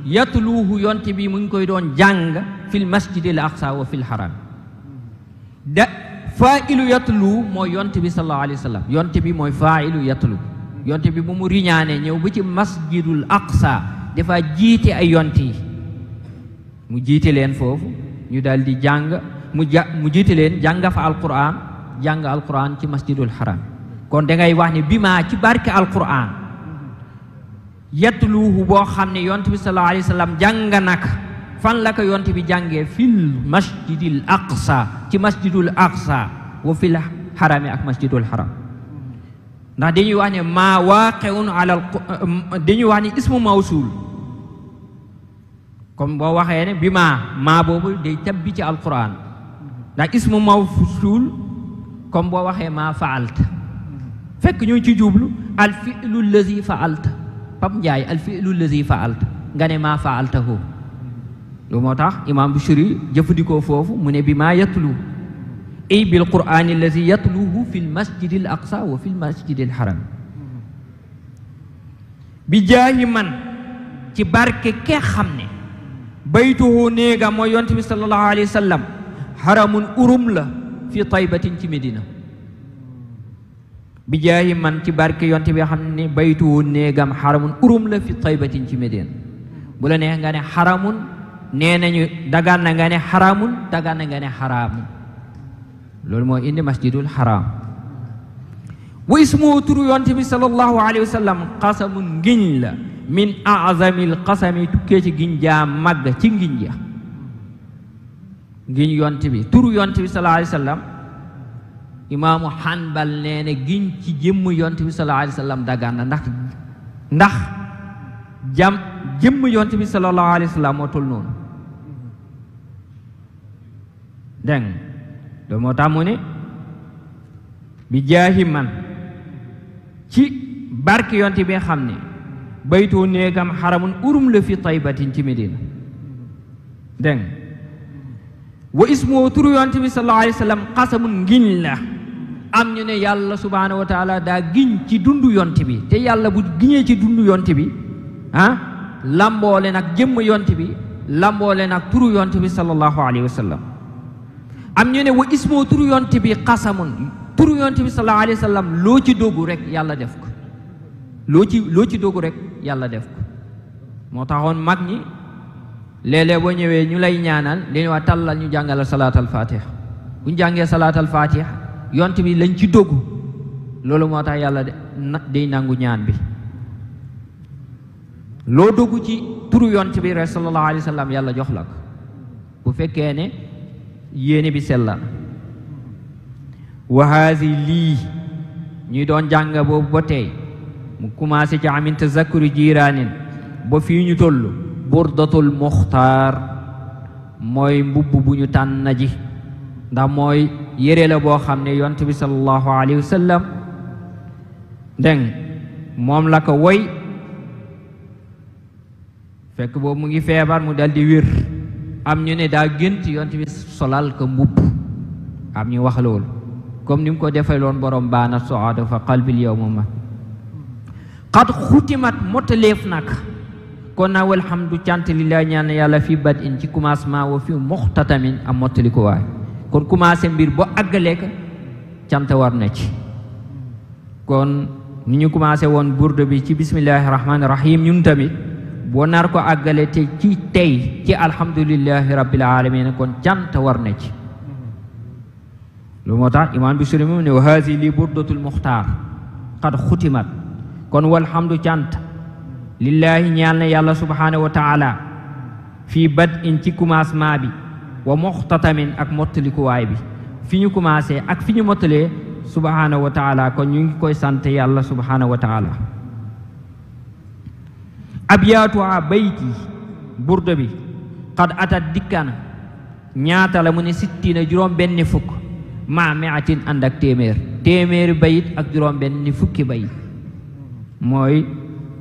يتلوه ينتبي من كيدون جانغ في المسجد الأقصى وفي الحرام فائل يتلو مو ينتبي صلى الله عليه وسلم ينتبي مو فائل يتلو ينتبي ممريناني نيو بيتي مسجد الأقصى دفا جيتي أي ينتبي mu jiite leen foofu ñu daal di mu mu fa alquran jàng alquran ci masjidul haram kon da ngay wax ne ci barke alquran yatluuhu boo xam ne yonte bi sallallahu alayhi wa sallam jàng fan la ko fil masjidil aqsa ci masjidul aqsa wa fil harami ak masjidul haram ndax dañuy wax ne maa waaqeun ala dañuy wax ismu mawsul comme boo waxee ne bi maa maa boobu day tabbi ci alquran ndax ismu mawsuul comme boo waxee maa faalta fekk ñu ci jublu al fi'lu lazi faalta pam njaay al fi'lu lazi faalta nga ne maa faaltahu lu moo tax imam Bushiri jëfandikoo foofu mu ne bi maa yatlu ay bil qur'ani allazi yatluhu fi l masjidi l aqsa wa fi l masjidi l haram bi jaayi man ci barke ke xam ne baytuhu néegam mooy yonent bi sallallahu alayhi wa sallam xaramun urum la fi taybatin ci Medina bi jaayi man ci barke yonent bi xam ne baytuhu néegam xaramun urum la fi taybatin ci Medina bu la neex nga ne xaramun nee nañu dagaan na nga ne xaramun dagaan na nga ne xaraamun loolu moo indi masjidul xaraam wa ismuhu turu yonent bi sallallahu alayhi wa sallam qasamun ngiñ la min azamil xasami tukkee ci giñ jaa màgg ci ngiñ ja ngiñ yont bi turu yont bi sallallahu wa sallam imaamu xanbal nee na giñ ci jëmm yont bi sallallahu alayhi wa sallam dagaan ndax ndax jam jëmm yont bi sallallahu alayhi wa sallam moo noonu dégg nga moo tax bi jaahi man ci barke yont bi xam ne بيتو نيغام حرام اورم في طيبه تي مدينه دين واسمه ترو يونتي صلى الله عليه وسلم قسم غين ام ني ني يالله سبحانه وتعالى دا غين تي دوندو يونتي بي تي يالله بو غين تي دوندو يونتي بي ها لامبول نك جيم يونتي بي لامبول نك ترو يونتي صلى الله عليه وسلم ام ني ني واسمه ترو يونتي بي قسم ترو يونتي صلى الله عليه وسلم لو تي دوغو رك يالله ديفكو loo ci loo ci dogu rek yàlla def ko moo taxoon mag ñi léeg boo ñëwee ñu lay ñaanal dañu waa tàllal ñu jàngalal salaatal faatiha bu ñu jàngee salaatal faatiha yont bi lañ ci dogu loolu moo tax yàlla day nangu ñaan bi loo dogu ci turu yont bi rek sallallahu alayhi yàlla jox la ko bu fekkee ne yéene bi sellal wahaasi lii ñuy doon jàng boobu ba tey mu commencé ci amin tazakkuri jiiraanin ba fii ñu toll burdatul muxtaar mooy mbubb bu ñu tànn ji ndax mooy yére la boo xam ne yonent bi sallallahu alayhi wa sallam dégg moom la ko woy fekk boobu mu ngi feebar mu dal di wér am ñu ne daa gént yonent bi solal ko mbubb am ñu wax loolu ni mu ko defee loon borom baana soada fa qalbil yawma قد ختمت متلفنك كنا والحمد تانت لله نيان يالا في بدء تي كوماس ما وفي مختتم ام متلكو واي كون كوماس مبير بو اغليك تانت وار نتي كون ني كم كوماس وون بوردو بي تي بسم الله الرحمن الرحيم نون تامي بو نار تي تي الحمد لله رب العالمين كون تانت وار نتي لو موتا امام بسلم ني وهذه لي المختار قد ختمت kon walhamdu chant lillaahi ñaal yàlla subhanahu wa taala fi bad in ci commencement bi wa muxtatamin ak way bi fiñu commencé ak fiñu motlé subhanahu wa taala kon ñu ngi koy sante yàlla subhanahu wa taala abyaatuha bayti burda bi qad atat dikana ñaata la mu ne sittiina juróom benn fukk ma meatin ànd témèr témèr bayit ak juróom benn fukki bayit mooy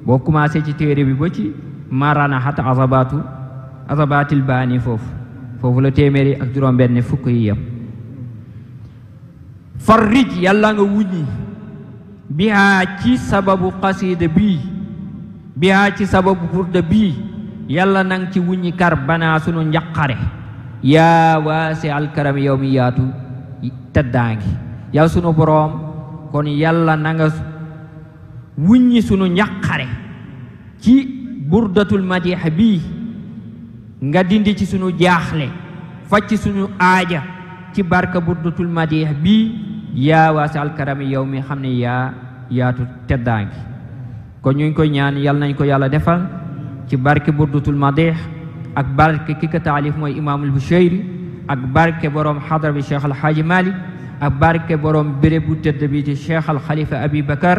boo commencé ci téere bi ba ci marana xata azabatu azabatil bani fof foofu la téeméeri ak juróom-benn fukk yi yem farrij yàlla nga wuññi bihaa ci sababu xasiida bii bihaa ci sababu burda bii yàlla nang ci wuññi kar banaa sunu njaqare yaa waasi alkaram yow mi yaatu teddaangi sunu boroom kon yàlla nanga wuññi sunu njàqare ci burdatul madiha bii nga dindi ci sunu jaaxle faj ci sunu aaja ci barka burdatul madiha bii yaa waasi alkarami yow mi xam ne yaa yaatu teddaangi kon ñu ngi koy ñaan yal nañ ko yàlla defal ci barke burdatul madih ak barke ki ko taalif mooy imaamul bushayri ak barke borom xadra bi cheikh alxaaji malik ak barke borom béréb bu tëdd bi ci cheikh alxalifa abi bakar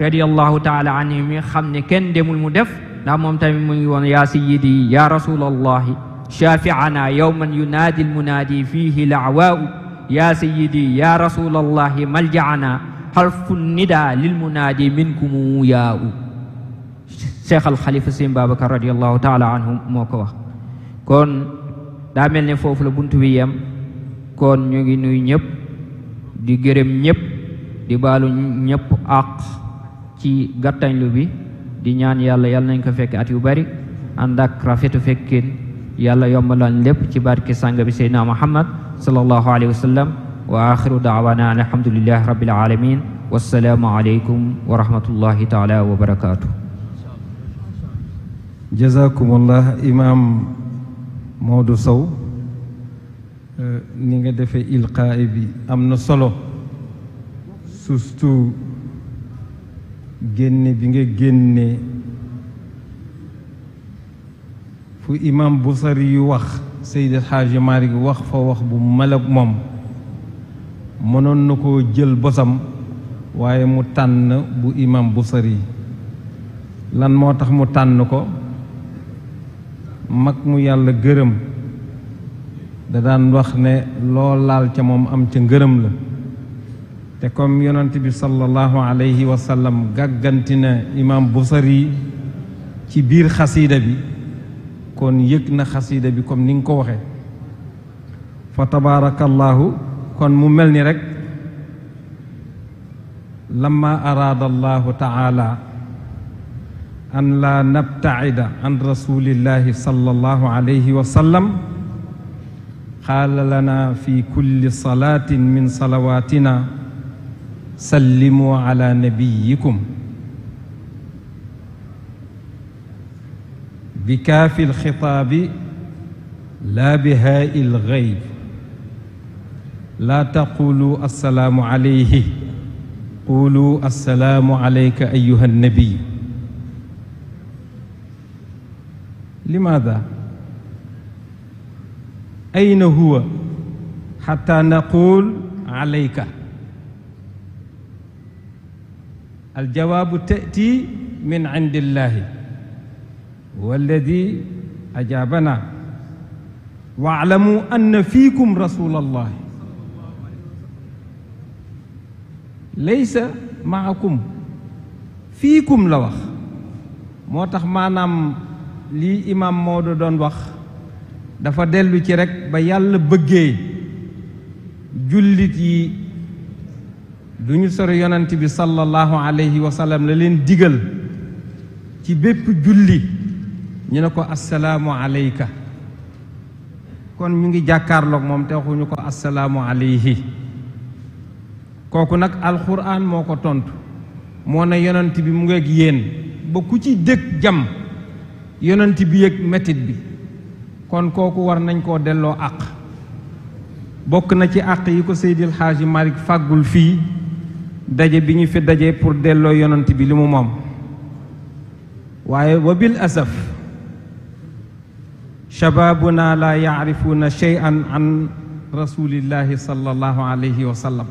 radiyallahu taala anhu mi xam ne kenn demul mu def ndax moom tamit mu ngi woon yaa sayyidi yaa rasulallahi shafi'ana yawman yunaadi almunaadi fihi la'waa'u yaa sayyidi yaa rasulallahi malja'ana xarfu nida lilmunaadi minkumu yaa'u cheikh alxalifa sin babacar radiyallahu taala anhu moo ko wax kon daa mel ne foofu la bunt bi yem kon ñu ngi nuyu ñëpp di gërëm ñëpp di baalu ñëpp àq ci gàttañlu bi di ñaan yàlla yàlla nañ ko fekk at yu bari ànd ak rafetu fekkin yàlla yombalaan lépp ci barke sàng bi seydina muhammad sallallahu alaihi wasallam. sallam wa akhiru daawana an rabbil alamin wassalaamu alaykum wa taala wa barakatuh jazakumullah imam Maodo Sow eh, ni nga defee ilqaa bi am solo surtout génne bi nga génnee fu imam Busari yu wax Seydi Xaaji Maalik wax fa wax bu mel moom mënoon na koo jël bosam waaye mu tànn bu imam Busari lan moo tax mu tànn ko mag mu yàlla gërëm da daan wax ne loo laal ca moom am ca ngërëm la te comme yonent bi sallallahu alayhi wa sallam gagantina imam Busari ci bir khasida bi kon yekna khasida bi comme ning ko waxe fa tabarakallahu kon mu melni rek lamma arada allah taala an la nabtaida an rasulillah sallallahu alayhi wa sallam qaala lana fi kulli salatin min salawatina سلموا على نبيكم بكاف الخطاب لا بهاء الغيب لا تقولوا السلام عليه قولوا السلام عليك أيها النبي لماذا؟ أين هو حتى نقول عليك الجواب تأتي من عند الله والذي أجابنا واعلموا أن فيكم رسول الله ليس معكم فيكم لوخ موتخ مانام لي امام مودو دون وخ دا فا ديلو سي رك با يالا بجي جوليت يي du ñu sori yonent bi sallallahu alayhi wa sallam la leen digal ci bépp julli ñu ne ko assalaamu alayka kon ñu ngi jàkkaarloog moom te waxuñu ko assalaamu alayhi kooku nag alxuraan moo ko tontu moo ne yonent bi mu ngeeg yéen ba ku ci dëkk jam yonent bi yëg metit bi kon kooku war nañ koo delloo àq bokk na ci àq yi ko Seydil Xaaji Malik fàggul fii daje bi ñu fi daje pour delloo yonent bi li mu moom waaye wa bil asaf shabaabuna laa yacrifuuna shay'an an rasulillahi sallallahu alayhi wa sallam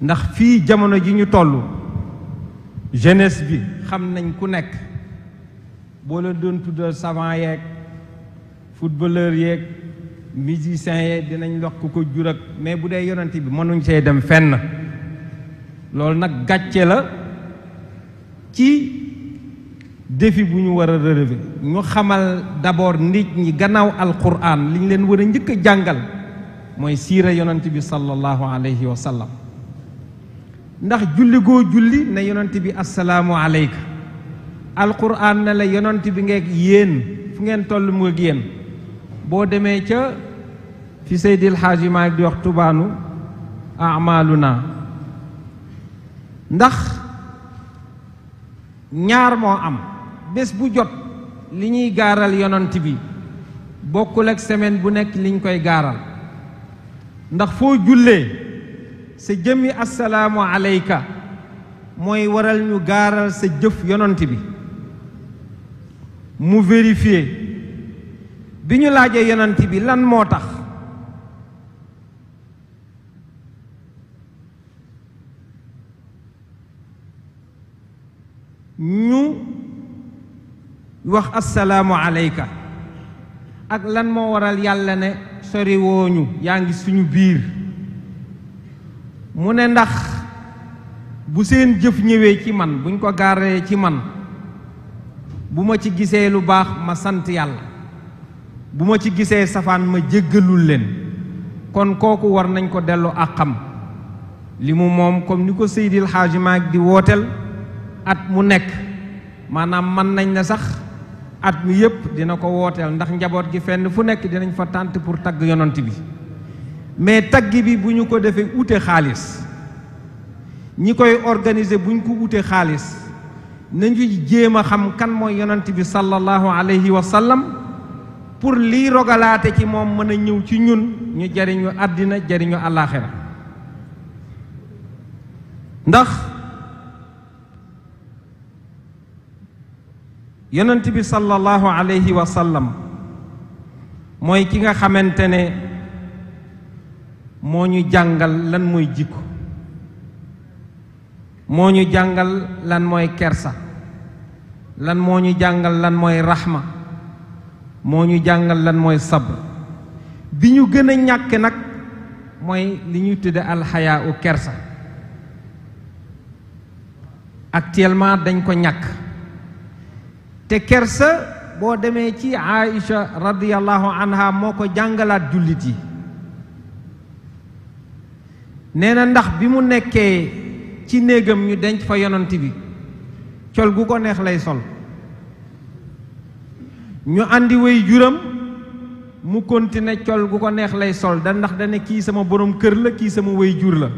ndax fii jamono ji ñu toll jeunesse bi xam nañ ku nekk boo leen doon tuddal savant yeeg footballeur yeeg musicien yeeg dinañ wax ku ko jur ak mais bu dee yonent bi mënuñ see dem fenn loolu nag gàcce la ci defi bu ñu war a relever ñu xamal d'abord nit ñi gannaaw alquran li ñu leen war a njëkk a jàngal mooy siira yonent bi sallallahu alayhi wa sallam ndax julli goo julli ne bi assalaamu aleyka alquran ne la yonent bi ngeeg yéen fu ngeen toll mu ngeeg boo demee ca fi Seydil Haaji Maalik di wax tubaanu amaluna ndax ñaar moo am bés bu jot li ñuy gaaral yonant bi bokkul ak semaine bu nekk li liñ koy gaaral ndax foo jullee sa jëmmi assalaamu alayka mooy waral ñu gaaral sa jëf yonant bi mu vérifier bi ñu laajee yonant bi lan moo tax ñu wax assalaamu alayka ak lan moo waral yàlla ne soriwooñu yaa ngi suñu biir mu ne ndax bu seen jëf ñëwee ci man buñ ko gaaree ci man bu ma ci gisee lu baax ma sant yàlla bu ma ci gisee safaan ma jéggalul leen kon kooku war nañ ko dellu àqam li mu moom comme ni ko Seydil Hadji Malick di wooteel at mu nekk maanaam mën nañ ne sax at mi yëpp dina ko wooteel ndax njaboot gi fenn fu nekk dinañ fa tànt pour tagg yonant bi mais tagg bi bu ñu ko defee ute xaalis ñi koy organiser bu ñu ko ute xaalis nañu jéem a xam kan mooy yonant bi sallallahu alayhi wa sallam pour lii rogalaate ci moom mën a ñëw ci ñun ñu jariñu àddina jariñu àllaaxira ndax yonent bi sallallahu alayhi wa sallam mooy ki nga xamante ne moo ñu jàngal lan mooy jikko moo ñu jàngal lan mooy kersa lan moo ñu jàngal lan mooy raxma moo ñu jàngal lan mooy sabr bi ñu gën a ñàkk nag mooy li ñu tudde alxayaa u kersa actuellement dañ ko ñàkk te kersa boo demee ci aïcha radiyallahu anha moo ko jàngalaat jullit yi nee na ndax bi mu nekkee ci néegam ñu denc fa yonant bi col gu ko neex lay sol ñu àndi wéy juram mu kontine col gu ko neex lay sol da ndax dane kii sama borom kër la kii sama wéy jur la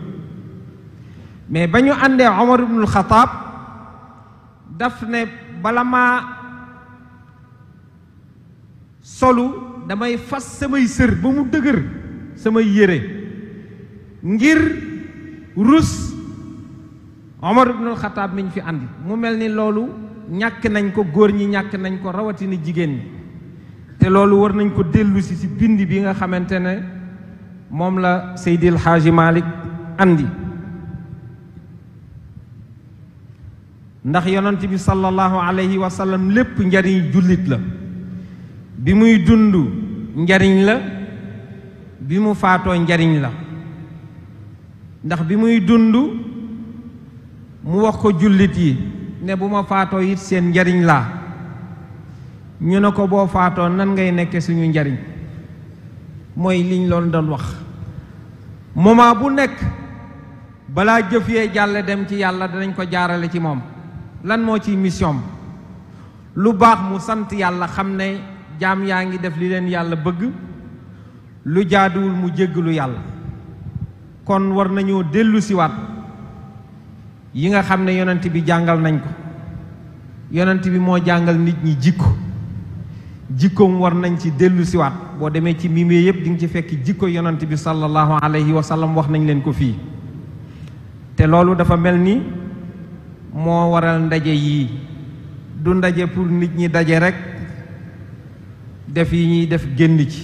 mais ba ñu àndee Omar ibnul Xataab daf ne bala maa solu damay fas samay sër ba mu dëgër samay yére ngir rus Omar ibnul Xataab mi ñu fi àndi mu mel ni loolu ñàkk nañ ko góor ñi ñàkk nañ ko rawatina jigéen ñi te loolu war nañ ko dellusi ci bind bi nga xamante ne moom la Seydil Xaaji Malik andi ndax yonent bi sallallahu alayhi wa sallam lépp njariñ jullit la bi muy dund njariñ la bi mu faatoo njariñ la ndax bi muy dund mu wax ko jullit yi ne bu ma faatoo it seen njariñ la ñu ne ko boo faatoo nan ngay nekke suñu njariñ mooy liñ loon doon wax moment bu nekk balaa jëf yee jàll dem ci yàlla danañ ko jaarale ci moom lan moo ciy mission lu baax mu sant yàlla xam ne jam yang ngi def li leen yàlla bëgg lu jaaduwul mu jéggalu yàlla kon war nañoo dellu siwaat yi nga xam ne yonent bi jàngal nañ ko yonent bi moo jàngal nit ñi jikko jikkoom war nañ ci dellu siwaat boo demee ci mimee yëpp di nga ci fekk jikko yonent bi sallallahu alayhi wa sallam wax nañ leen ko fii dafa ni waral ndaje yi du ndaje pour nit ñi daje rek def yi ñuy def génn ci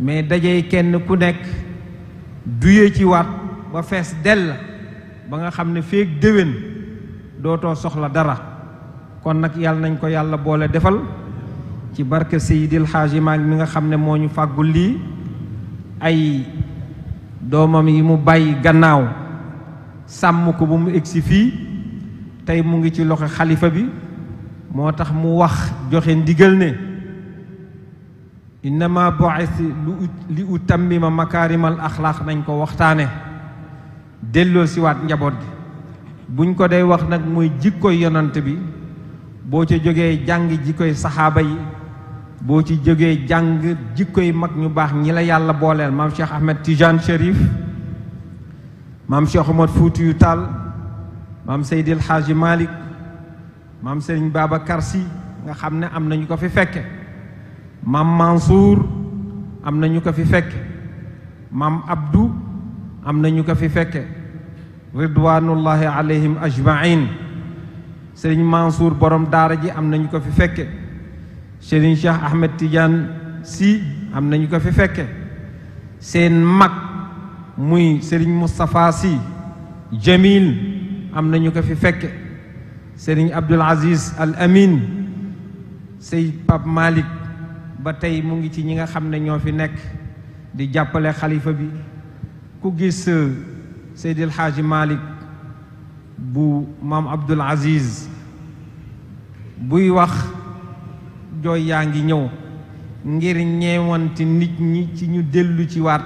mais dajey kenn ku nekk duye ci waat ba fees dell ba nga xam ne feeg déwén dootoo soxla dara kon nag yàlla nañ ko yàlla boole defal ci barke Seydil Xaaji Maalik mi nga xam ne moo ñu fàggul lii ay doomam yi mu bàyyi gannaaw sàmm ko bu mu egsi fii tey mu ngi ci loxo xalifa bi moo tax mu wax joxe ndigal ne innama boxesi lu li utammima makaarimal axlaax nañ ko waxtaane delloo njaboot gi buñ ko day wax nag mooy jikkoy yonant bi boo ci jógee jàng jikkoy saxaaba yi boo ci jógee jàng jikkoy mag ñu baax ñi la yàlla booleel maam Cheikh Ahmed Tidiane Chérif maam Cheikh Omar Foutiyou Tall maam Seydil Hadji malik maam Serigne Babacar Sy nga xam ne am nañu ko fi fekke maam Mansour am na ñu ko fi fekke maam Abdou am na ñu ko fi fekke ridwanullahi alayhim ajmain sëriñ Mansour borom daara ji am na ñu ko fi fekke sëriñ Cheikh Ahmed Tidiane si am na ñu ko fi fekke seen mag muy sëriñ Moustapha si Jamil am na ñu ko fi fekke sëriñ Abdul Aziz Al Amin Seyd Pape Malick ba tey mu ngi ci ñi nga xam ne fi di jàppale xalifa bi ku gis euh, seydil malik bu mam abdul aziz buy wax joy yaa ngi ñëw ngir ñeewante nit ñi ci ñu dellu ci waat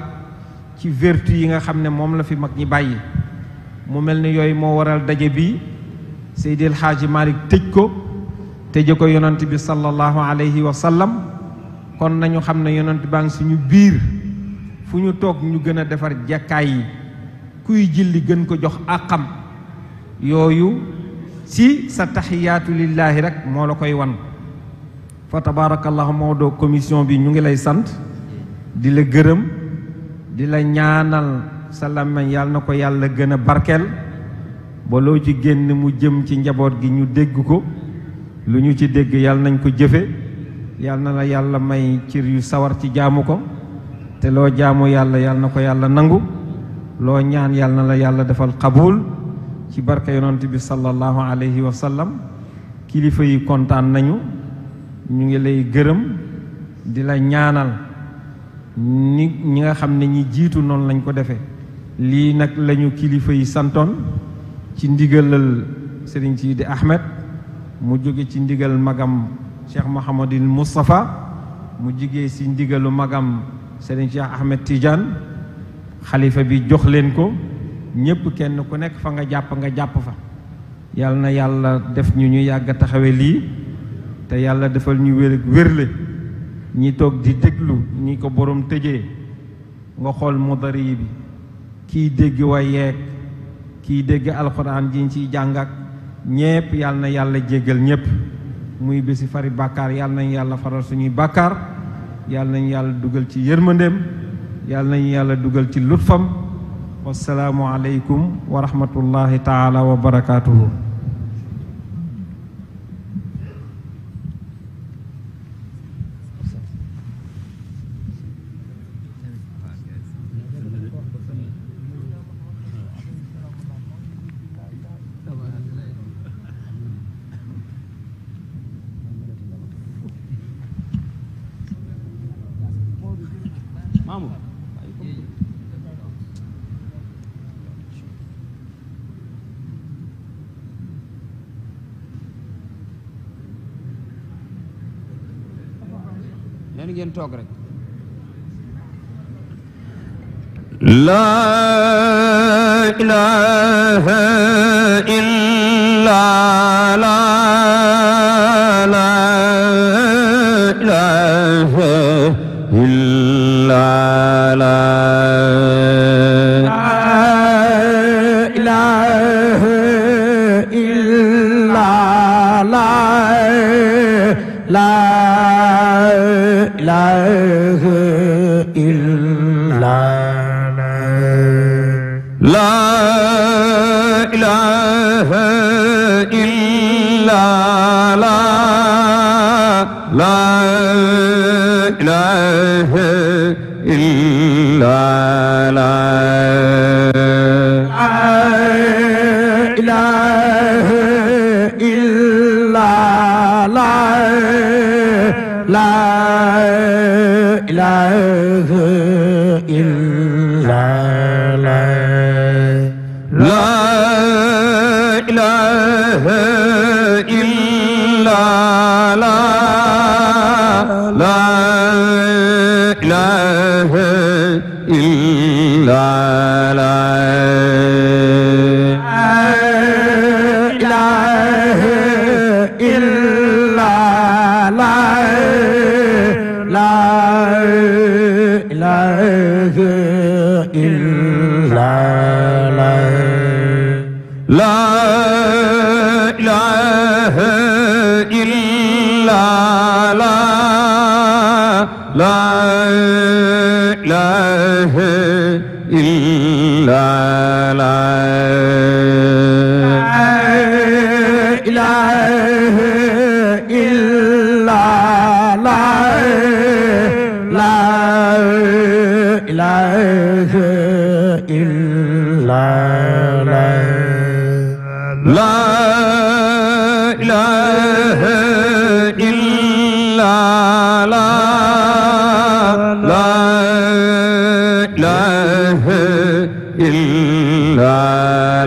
ci vertu yi nga xam ne la fi mag ñi bàyyi mu mel ni yooyu moo waral bi seydil xaaji malik tëj ko tëje ko yonante bi sallallahu alayhi wa sallam kon nañu xam ne yonent baa ngi suñu bir fu ñu toog ñu gën a defar kuy jilli gën ko jox akam yoyu si sa taxiyaatu lillahi rek moo la koy wan fa tabarakallahu mawdo commission bi ñu ngi lay sant di la gërëm di la ñaanal sa làmmeñ yàlla na ko yàlla gën a ci mu jëm ci gi ñu dégg ko lu ci dégg nañ ko yal na la yàlla may cir yu sawar ci jaamu ko te loo jaamu yàlla yal na ko yàlla nangu loo ñaan yàlla na la yàlla defal xabul ci barke yonent bi sallallahu alayhi wa sallam kilifa yi kontaan nañu ñu ngi lay gërëm di la ñaanal ni ñi nga xam ne ñi jiitu noonu lañ ko defee lii nag lañu kilifa yi santoon ci ndigalal Serigne Sidi Ahmed mu jóge ci ndigal magam Cheikh Mouhamadul Mustafa, mu jigee si ndigalu magam Serigne Cheikh Ahmed Tidiane xalifa bi jox leen ko ñépp kenn ku nekk fa nga jàpp nga jàpp fa yàlla na def ñu ñu yàgg taxawe lii defal ñu wér wérle ñi toog di déglu ñi ko borom tëjee nga xool mudari bi Ki dégg wa Ki kii dégg alxuraan jiñ ciy jàng ak ñépp yàlla na muy bési fari bàkkaar yàlla nañ yàlla faral suñuy bàkkaar yàlla nañ yàlla dugal ci yërmandeem yàlla nañ yàlla dugal ci lutfam wasalaamu aleykum wa rahmatullahi taala wa barakaatuhu rek la ilaha illa la لا إله إلا لا إله إلا لا لا إله إلا لا لا إله la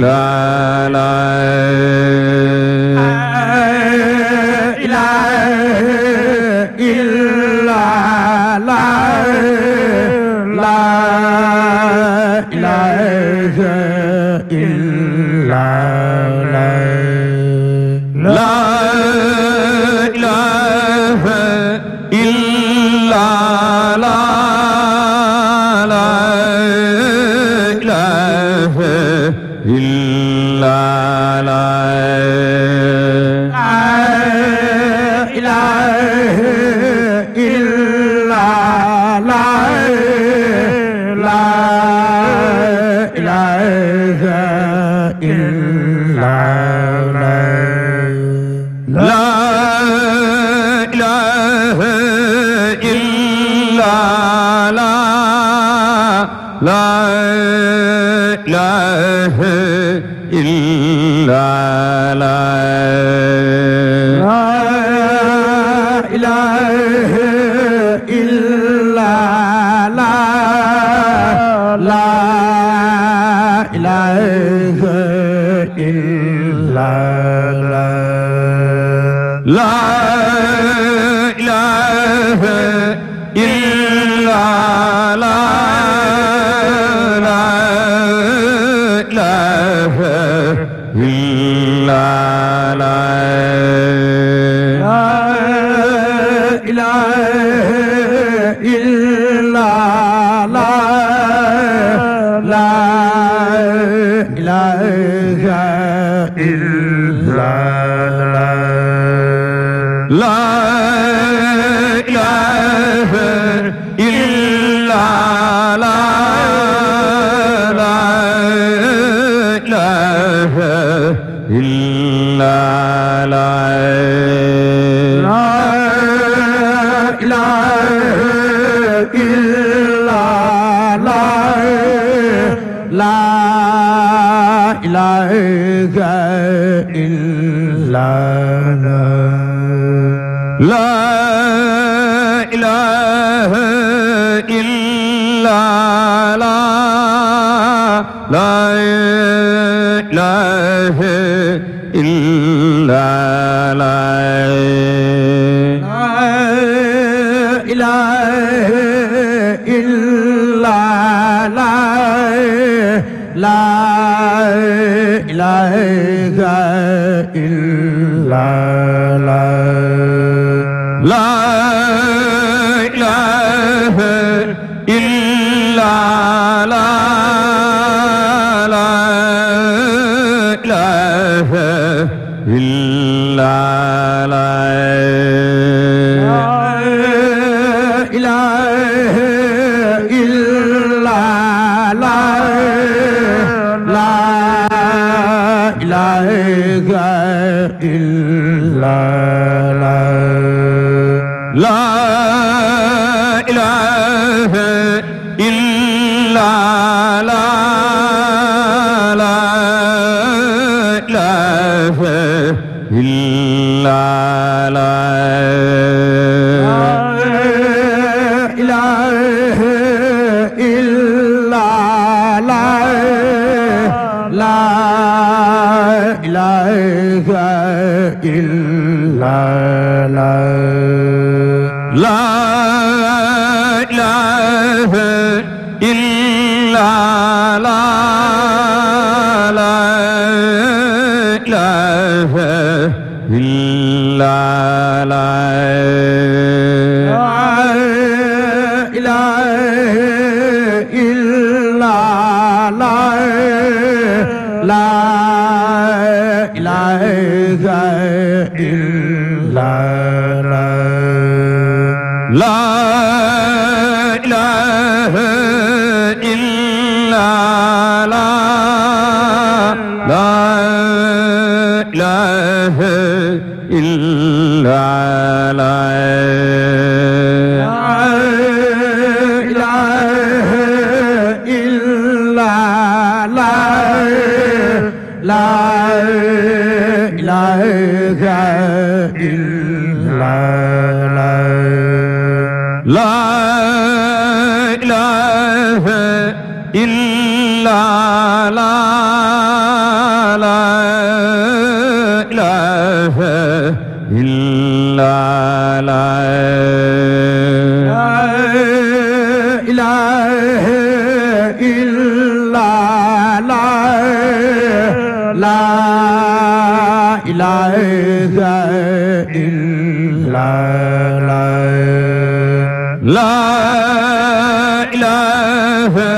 la إله إلا لك We إله إلا أنا لا إله إلا لا لا إله إلا لا إله إلا لا لا إلا لا لا لا لا لا إله إلا لا لا إله إلا لا la la la ilaha illa la la ilaha illa la la la la إلا لا لا إله إلا لا إله إلا لا لا إله إلا لا لا إله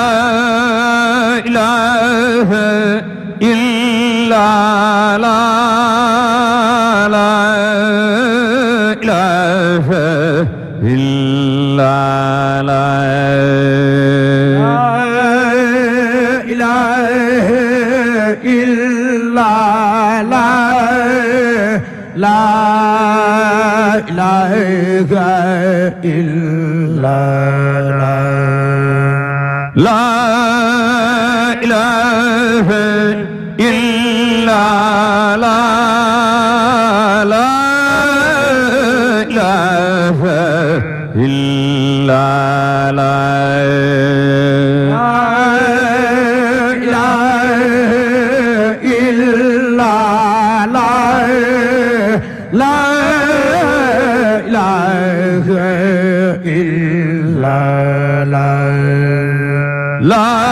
إله إلا لا لا إله إلا لا إله إلا لا لا إله إلا لا لا إله إلا لا لا إله إلا لا La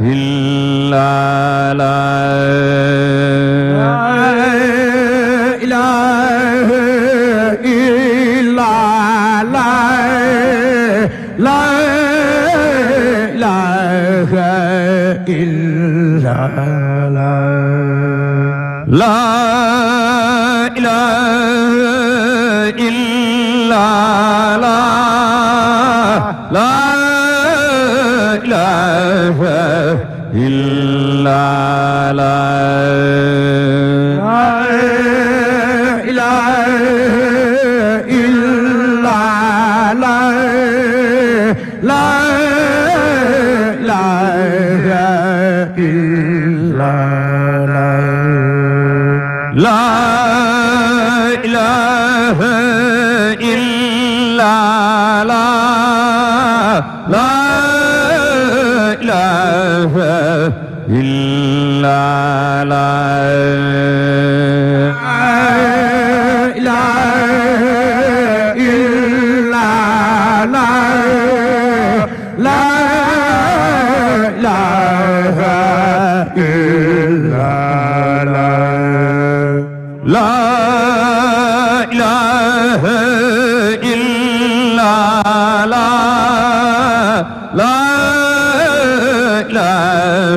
إلا لا إلا عليك إلا لا إله إلا لا لا إله إلا لا لا إله إلا لا لا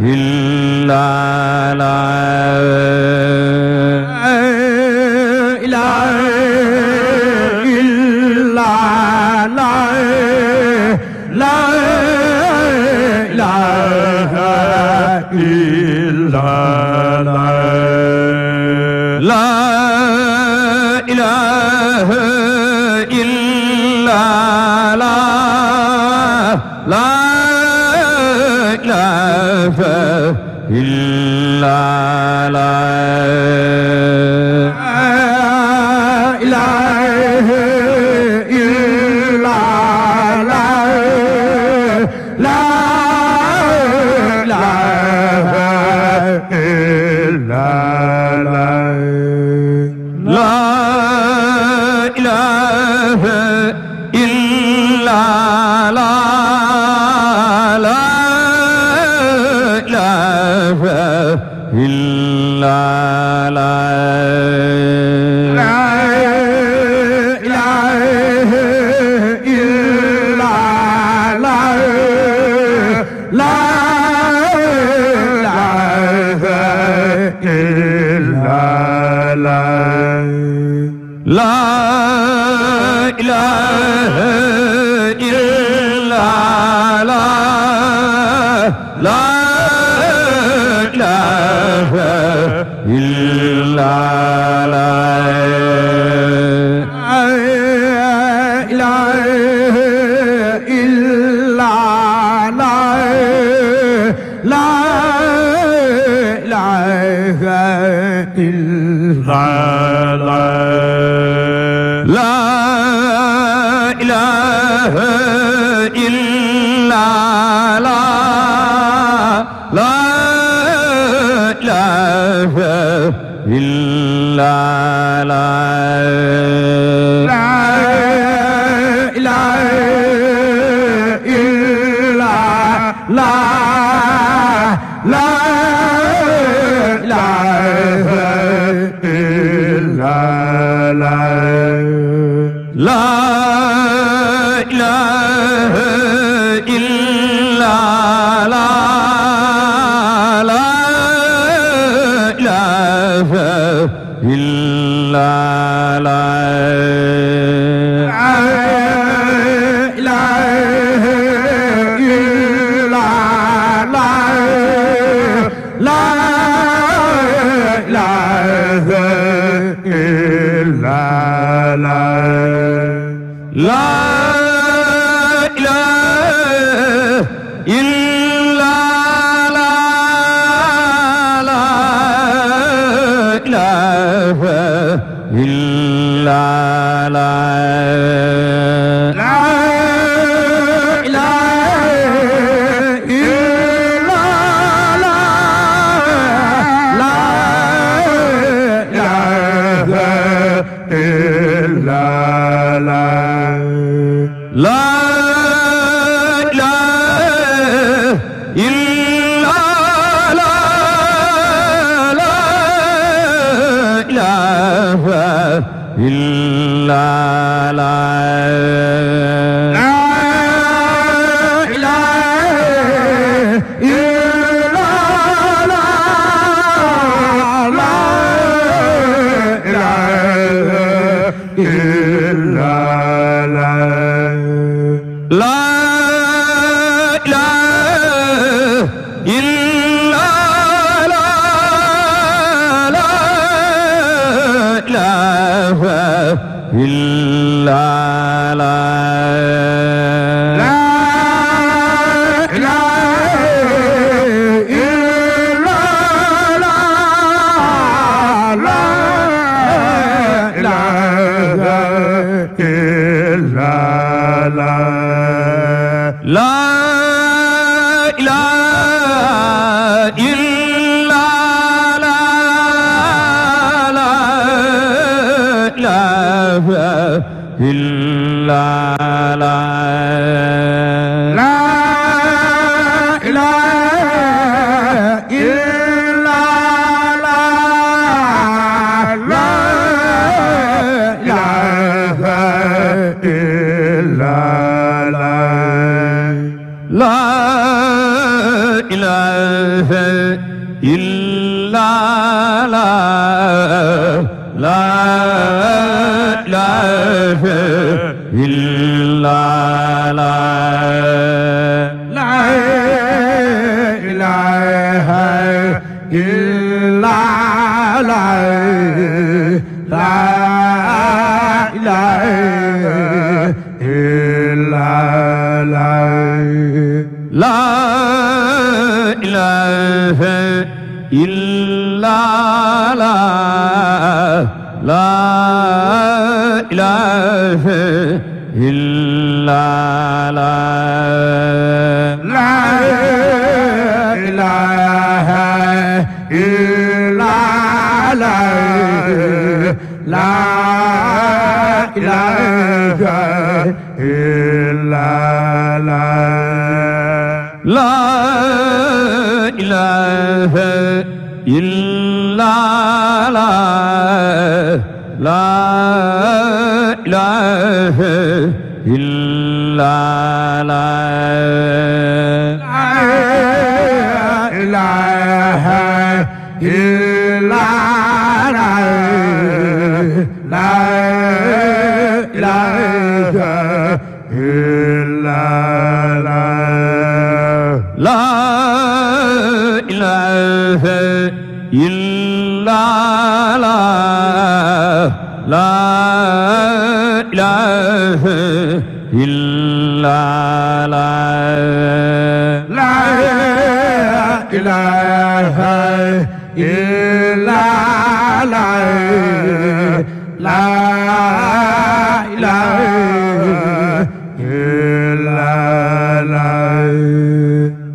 إلا العالمين إلا عليك إله إلا لا إله إلا لا لا إله إلا لا لا إله إلا لا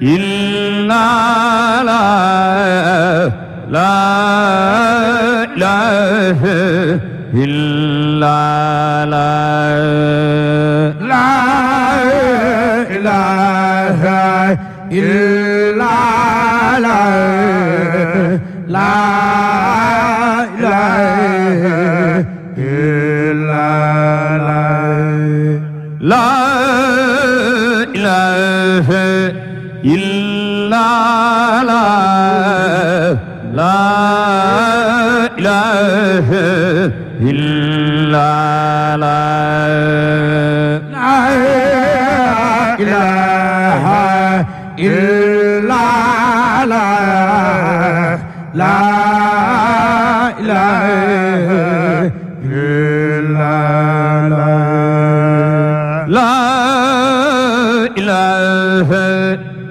inna la la ilaha illa la la ilaha illa la la ilaha illa la la ilaha إلا لا لا إله إلا لا إله إلا لا لا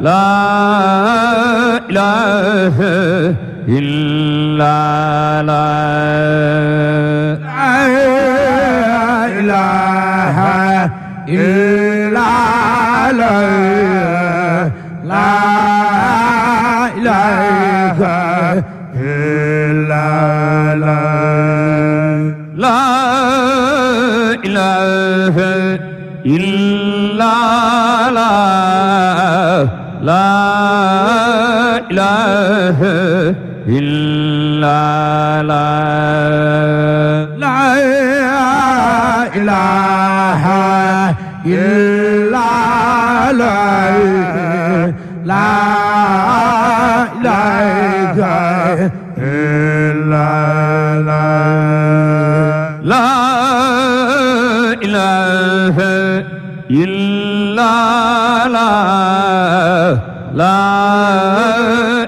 لا إله إلا لا إله إلا لا لا إله إلا لا لا إله إلا laa ilaaha illaa laa ilaaha illaa laa ilaaha illaa laa ilaaha لا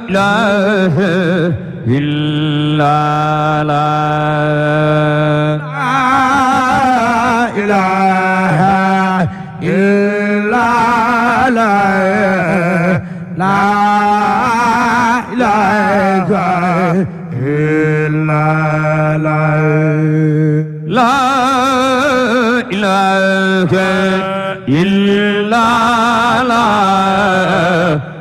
إله إلا لا إله إلا لا لا إله إلا لا لا إله إلا لا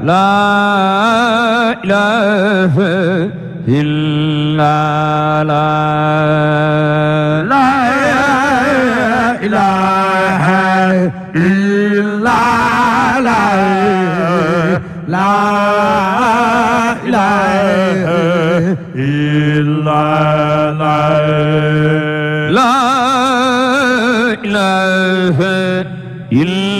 لا إله إلا الله لا إله إلا لا لا إله إلا لا لا إله إلا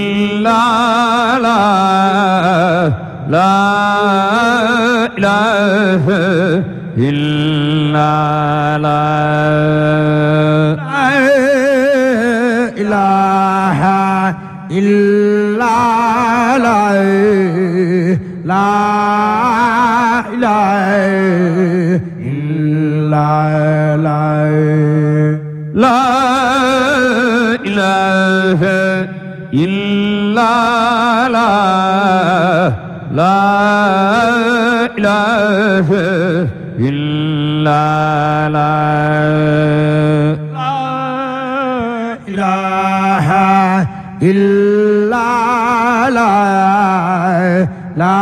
لا إله إلا لا إله إلا لا لا إله إلا لا لا إله إلا لا لا إله إلا لا إله إلا لا لا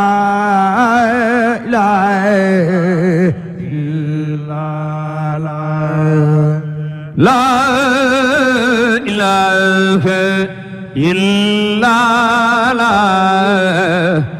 إله إلا لا لا إله إلا لا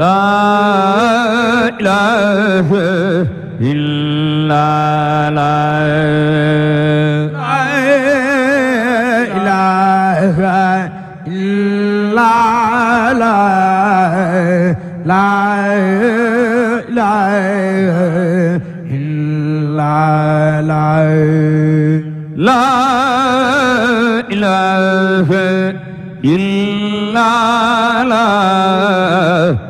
لا إله إلا لا إله إلا لا لا إله إلا لا لا إله إلا لا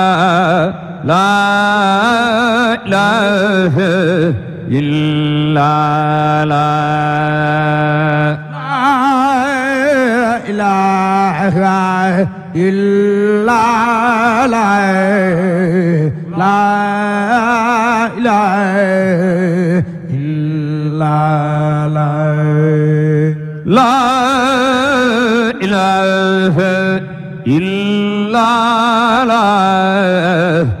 لا إله إلا لا إله إلا لا لا إله إلا لا لا إله إلا لا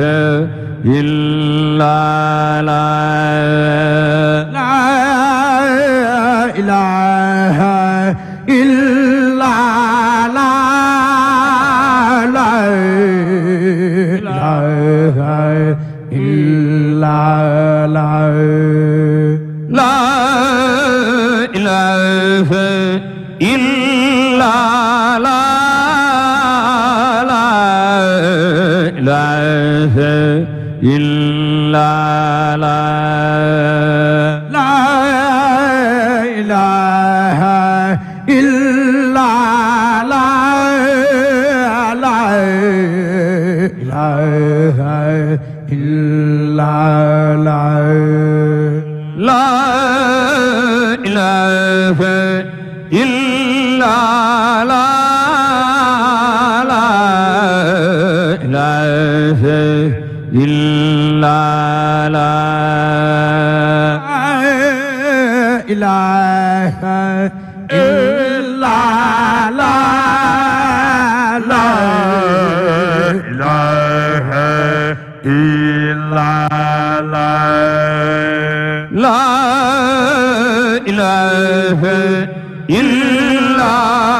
Ilaha illallah. se illa la la ilaha illa la la ilaha illa la la ilaha إلا لا إله إلا لا لا إله إلا لا لا إله إلا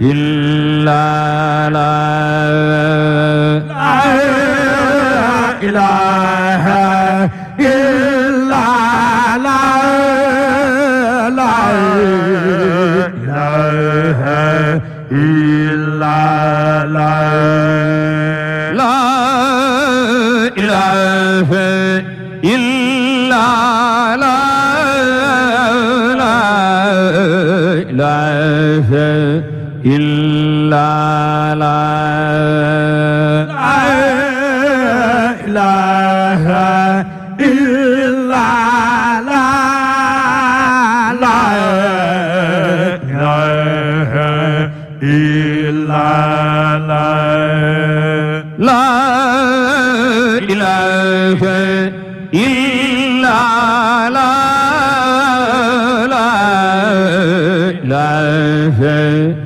إلا لا إله إلا لا لا إله إلا لا لا إله إلا لا لا إله إلا لا إله إلا لا لا إله إلا لا لا إله إلا لا لا إله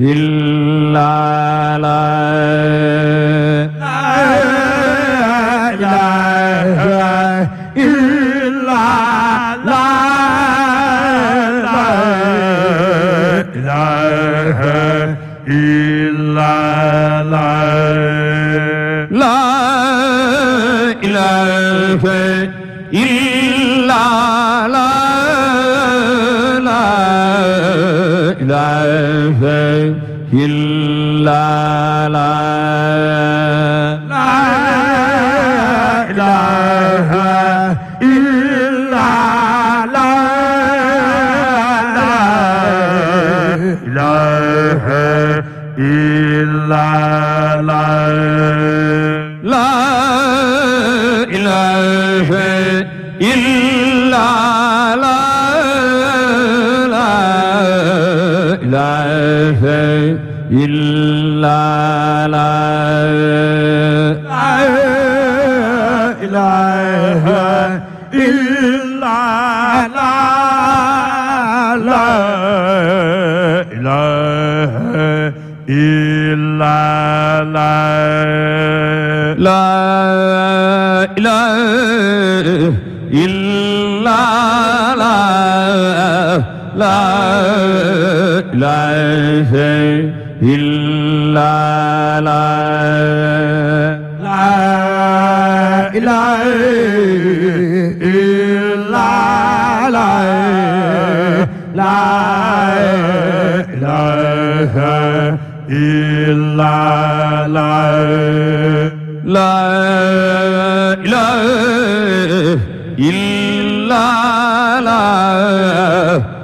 إلا لا إله إلا لا إله إلا لا لا إله إلا لا إله إلا لا إله إلا لا لا إله إلا إلا لا إله إلا لا لا إله إلا لا لا إله إلا لا لا لا شيء إلا لا لا إله إلا لا لا إله إلا لا لا إله إلا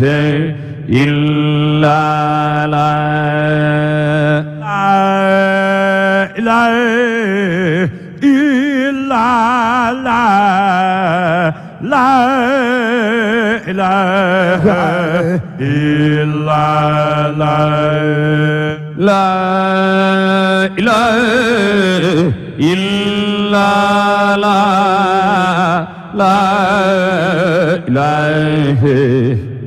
ليس إلا لا إله إلا لا لا إله إلا لا لا إله إلا لا لا إله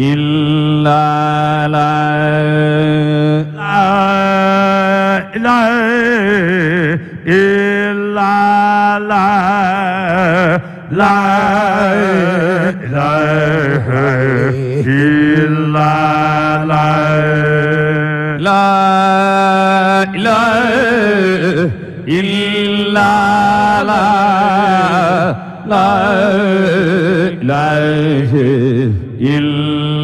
إلا لا لا إلا لا لا لا إلا لا لا لا إلا لا لا لا إله إلا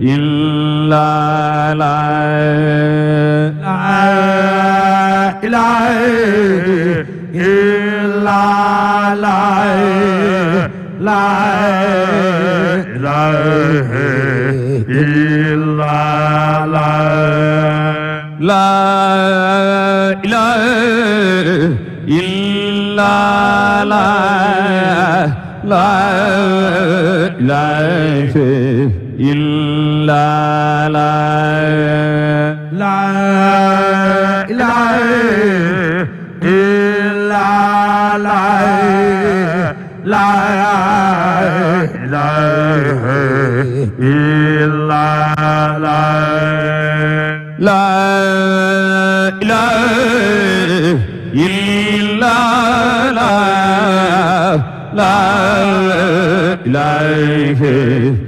إلا لا إله إلا لا لا إله إلا لا لا إله إلا لا لا إله إلا لا لا لا إلا لا لا لا إلا لا لا لا إلا لا لا إله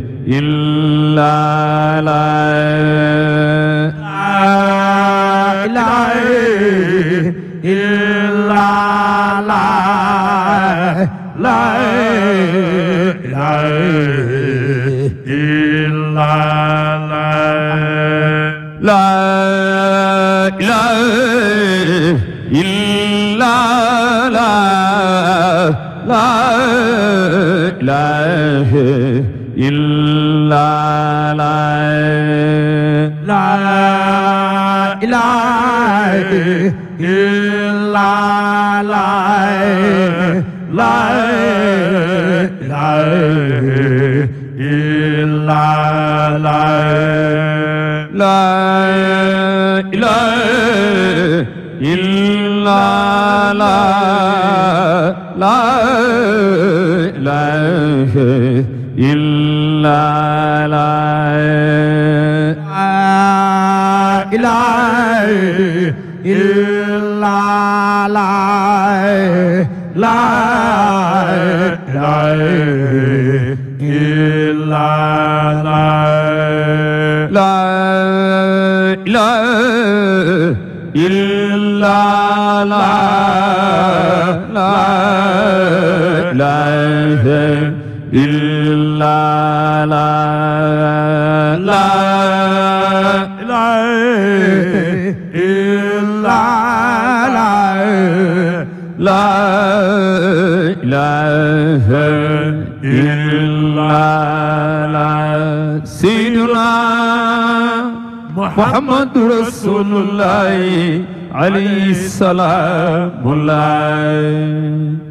إلا لا إلا إلا لا لا لا إلا لا لا لا إلا لا لا لا illa la la illa illa la la la illa la la illa illa la la la la إلا لا إله إلا لا لا لا إلا لا لا لا إلا لا لا لا إلا لا لا لا إلا لا لا إله إلا لا سيدنا محمد رسول الله عليه السلام الله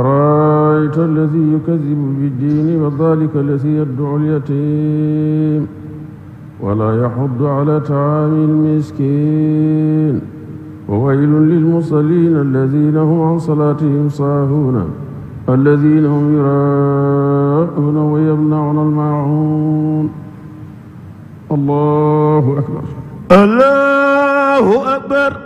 أرأيت الذي يكذب بالدين وذلك الذي يدعو اليتيم ولا يحض على طعام المسكين وويل للمصلين الذين هم عن صلاتهم صاهون الذين هم يراءون ويمنعون الماعون الله أكبر الله أكبر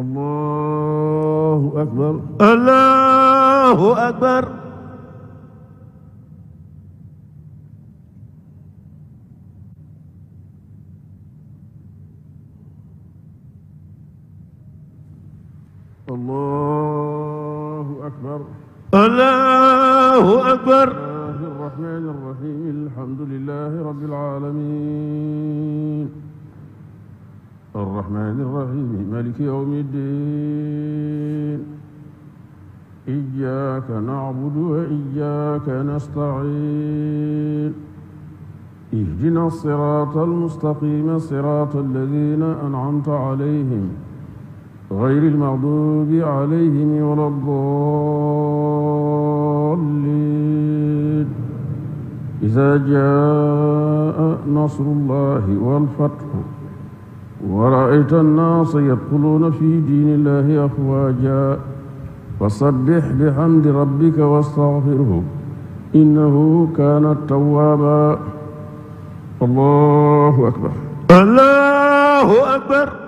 الله أكبر الله أكبر الله أكبر الله أكبر الله الرحمن الرحيم الحمد لله رب العالمين الرحمن الرحيم مالك يوم الدين إياك نعبد وإياك نستعين اهدنا الصراط المستقيم صراط الذين أنعمت عليهم غير المغضوب عليهم ولا الضالين إذا جاء نصر الله والفتح ورأيت الناس يدخلون في دين الله أفواجا فسبح بحمد ربك واستغفره إنه كان توابا الله أكبر الله أكبر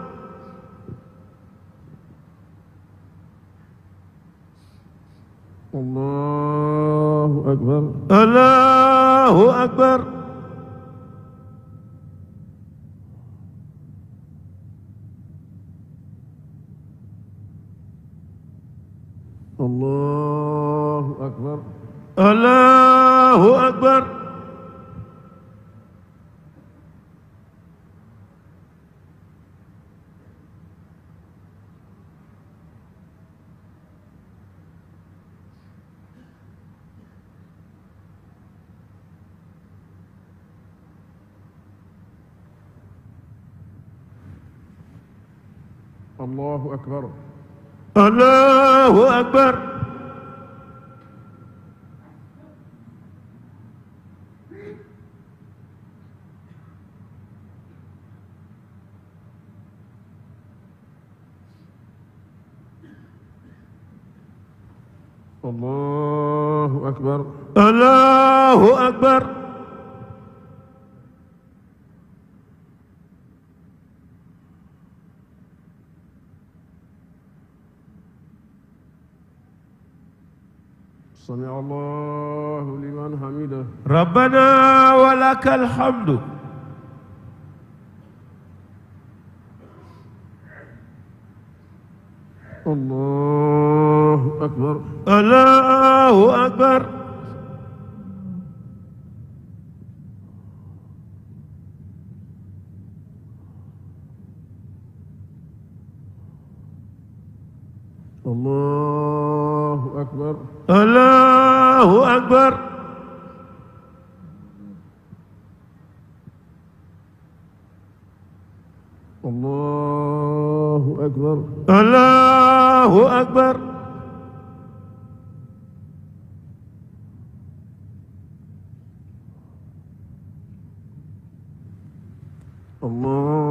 الله أكبر الله أكبر أكبر الله أكبر سمع الله لمن حمده ربنا ولك الحمد Allah.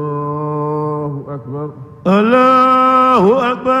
أكبر الله أكبر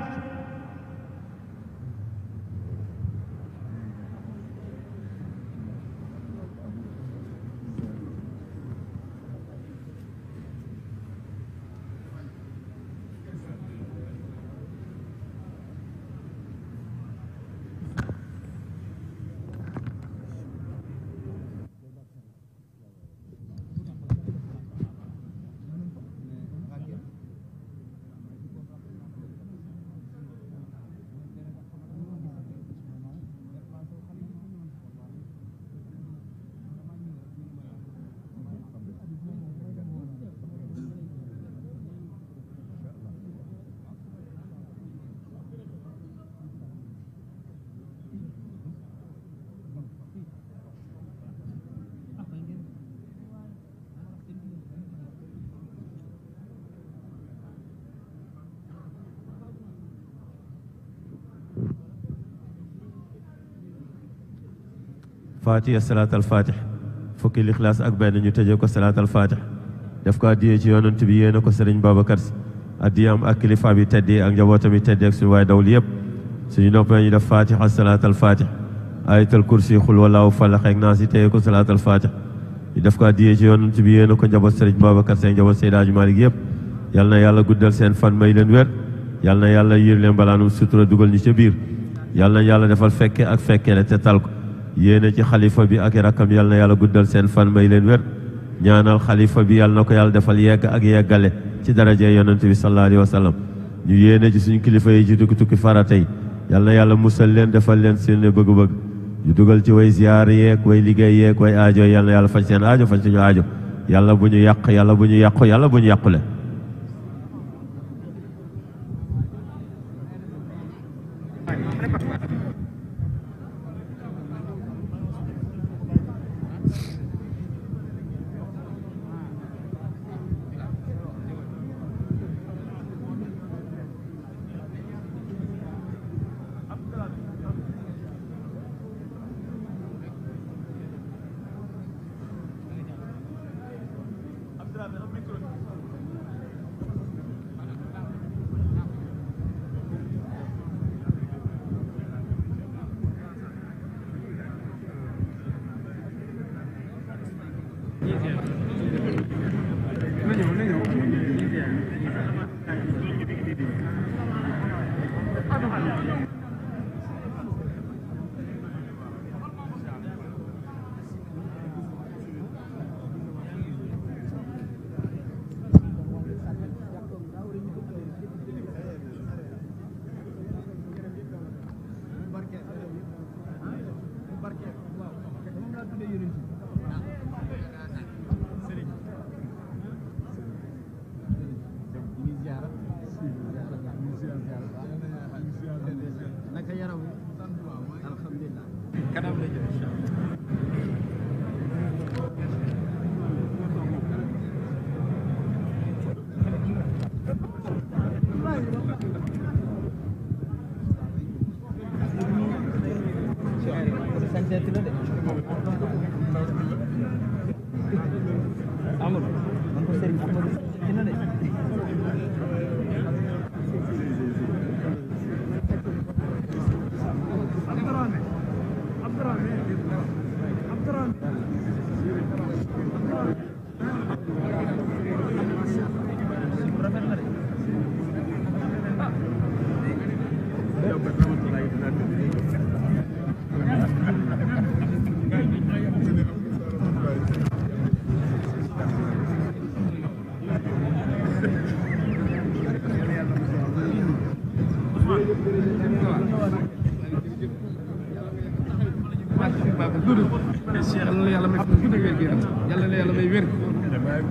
faatiha salaatal faatih fukki lixlaas ak benn ñu tëjee ko salaatal faatih def ko addiyee ci yonent bi yéene ko sëriñ Babacar Si addiyaam ak kilifaam yi teddi ak njabootam yi teddi ak suñu waay dawlu yëpp suñu noppee ñu def faatiha salaatal faatih ayatal kursi xul walaahu falax ak naas yi téye ko salaatal faatih ñu def ko addiyee ci yonent bi yéene ko njaboot sëriñ Babacar Si ak njaboot Seydi Aji Malik yëpp yal na yàlla guddal seen fan may leen wér yal na yàlla yër leen balaanum sutura dugal ñu ca biir yal na yàlla defal fekke ak fekkele te tal ko yéene ci xalifa bi ak i rakkam yal na yàlla guddal seen fan may leen wér ñaanal xalifa bi yal na ko yàlla defal yegg ak yeggale ci daraje yonent bi sallallahu alayhi wa ñu yéene ci suñu kilifa yi ci dugg tukki fara tey yàlla na yàlla musal leen defal leen seen bëgg-bëgg ñu dugal ci way ziyaar yeeg way liggéey yeeg way aajo yal yàlla faj seen aajo faj suñu aajo yàlla bu ñu yàq yàlla bu ñu yàqu yàlla bu ñu yàqule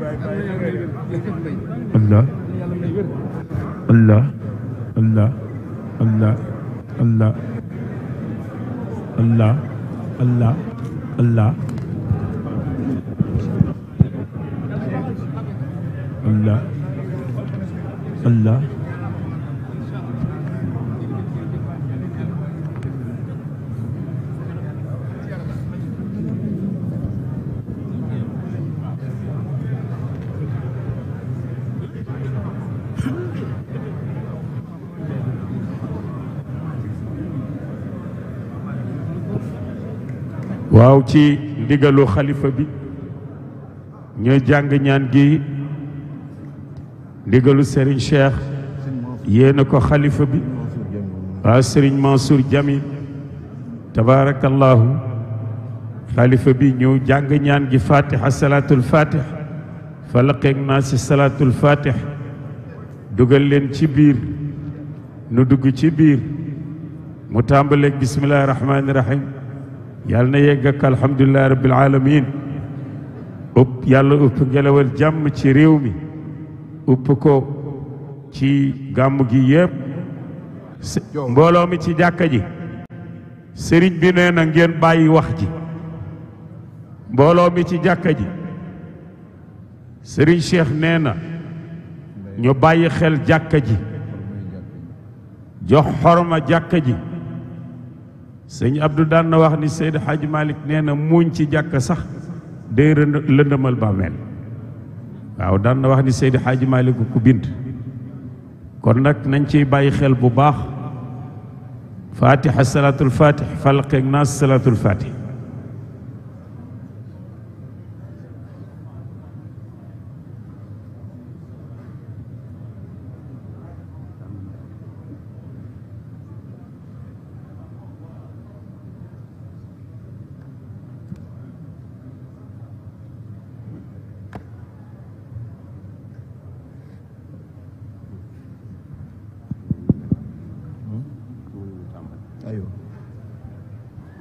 về về waaw ci ndigalu khalifa bi ñu jàng ñaan gi ndigalu Serigne Cheikh yene ko khalifa bi wa Serigne Mansour Jamil tabarakallah khalifa bi ñu jàng ñaan gi fatiha salatul fatih falaqeeg nas salatul fatih dugal len ci bir nu dugg ci bir mu tambale bismillahir rahmanir rahim yàlla na yegg ak alhamdulilahi rabbil alamin upp yàlla upp ngelawal jàmm ci réew mi upp ko ci gàmm gi yëpp mbooloo mi ci jàkka ji sëriñ bi nee na ngeen bàyyi wax ji mbooloo mi ci jàkka ji sëriñ Cheikh nee na ñu bàyyi xel jàkka ji jox xorma jàkka ji sëñ Abdou daan na wax ni seyd Hadj malik neena muñ ci jakk sax de leundemal ba mel waaw daan na wax ni seyd Hadj malik ku bint kon nak nañ ci bàyyi xel bu baax fatiha salatul fatih falaq ak naas fatih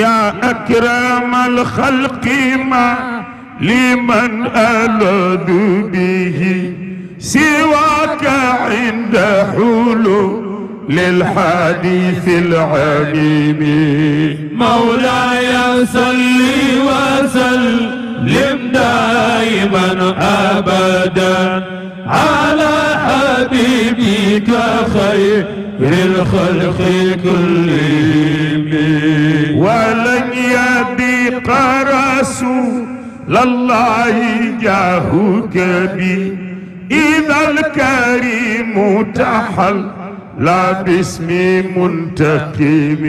يا أكرم الخلق ما لمن ألذ به سواك عند حلو للحديث العليم مولاي صل وسلم دائما أبدا على حبيبك خير الخلق كلهم يبقى رسول الله جاهك بي إذا الكريم تحل لا باسم منتقم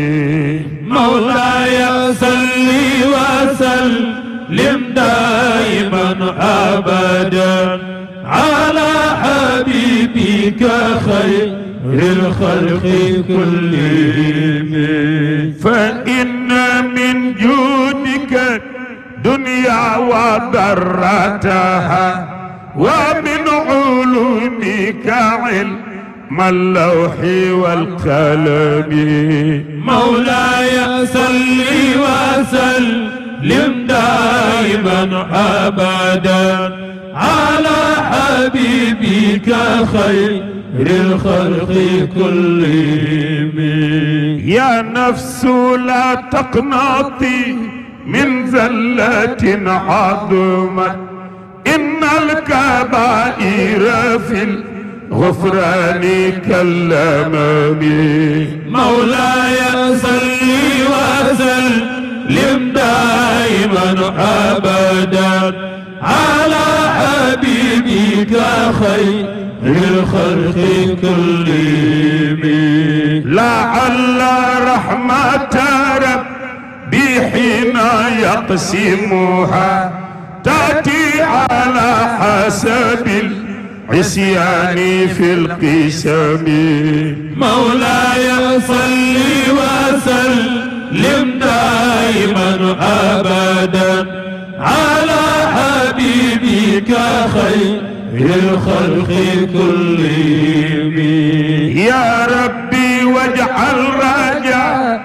مولاي صل وسلم دائما ابدا على حبيبك خير الخلق كلهم فان من جود دنيا وضرتها ومن علومك علم اللوح والقلم مولاي صل وسلم دائما ابدا على حبيبك خير للخلق كلهم يا نفس لا تقنطي من زلة عظمت إن الكبائر في الغفران كالأمام مولاي صلي وسلم دائما أبدا على حبيبك خير الخلق كلهم لعل رحمة ربك بحما يقسمها تأتي على حسب العصيان في القسم مولاي صل وسلم دائما أبدا على حبيبك خير الخلق كلهم يا ربي واجعل رجاء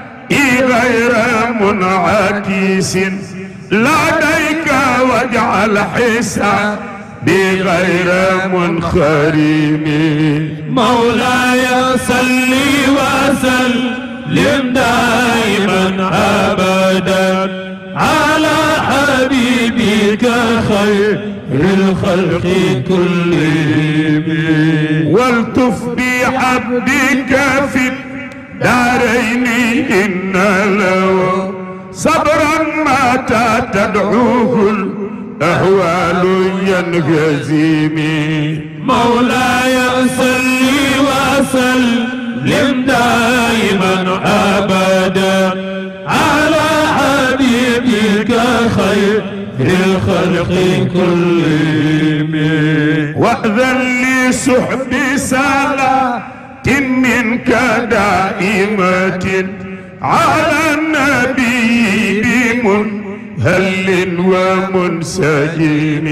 غير منعكس لديك واجعل حساب بغير منخرم مولاي صلي وسلم دائما ابدا على حبيبك خير الخلق كلهم والتف بحبك في داريني إن لو صبرا متى تدعوه الأحوال ينهزمي مولاي صلي وسلم دائما أبدا على حبيبك خير الخلق كلهم واذن لي سحب سلام منك دائمة على النبي بمنهل ومنسجم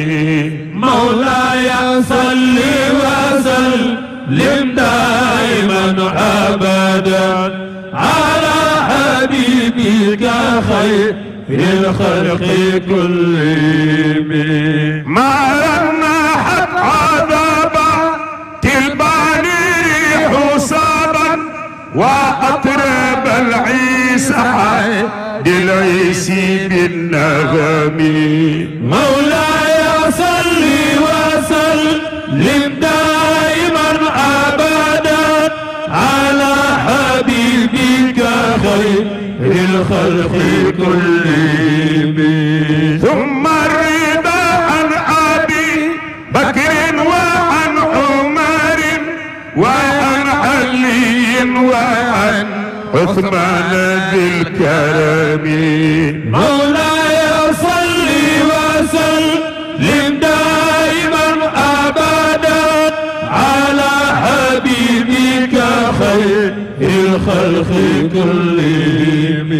مولاي صل وسلم دائما أبدا على حبيبك خير الخلق كلهم وأطرب العيسى حي دليسي بالنغم مولاي صلي وسلم دائما أبدا على حبيبك خير الخلق كلهم ثم واسمعنا بالكرم مولاي صل وسلم دائما ابدا على حبيبك خير الخلق كلهم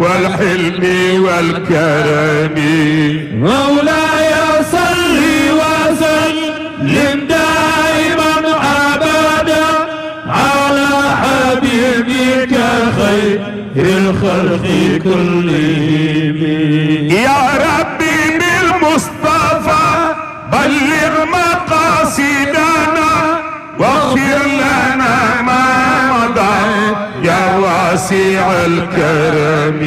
والحلم والكرم مولاي صلي وسلم دائما ابدا على حبيبك خير الخلق واسع الكرم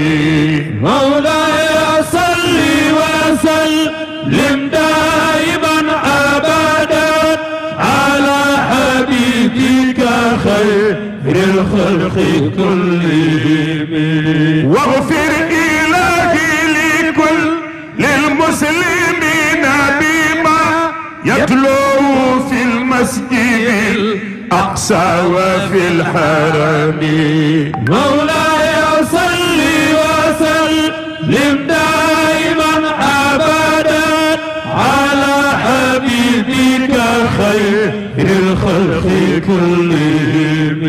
مولاي صلي وسلم دائما ابدا على حبيبك خير الخلق كلهم واغفر الهي لكل للمسلمين بما يتلو في المسجد الأقصى وفي الحرم مولاي صلي وسلم دائما أبدا على حبيبك خير الخلق كلهم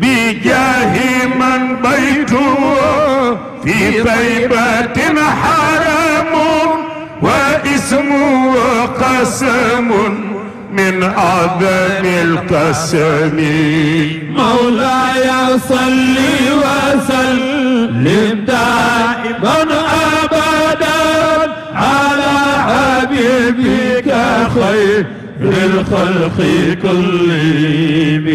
بجاه من بيته في بيبة حرم واسمه قسم من عظم القسم مولاي صلي وسلم دائما ابدا على حبيبك خير للخلق كلهم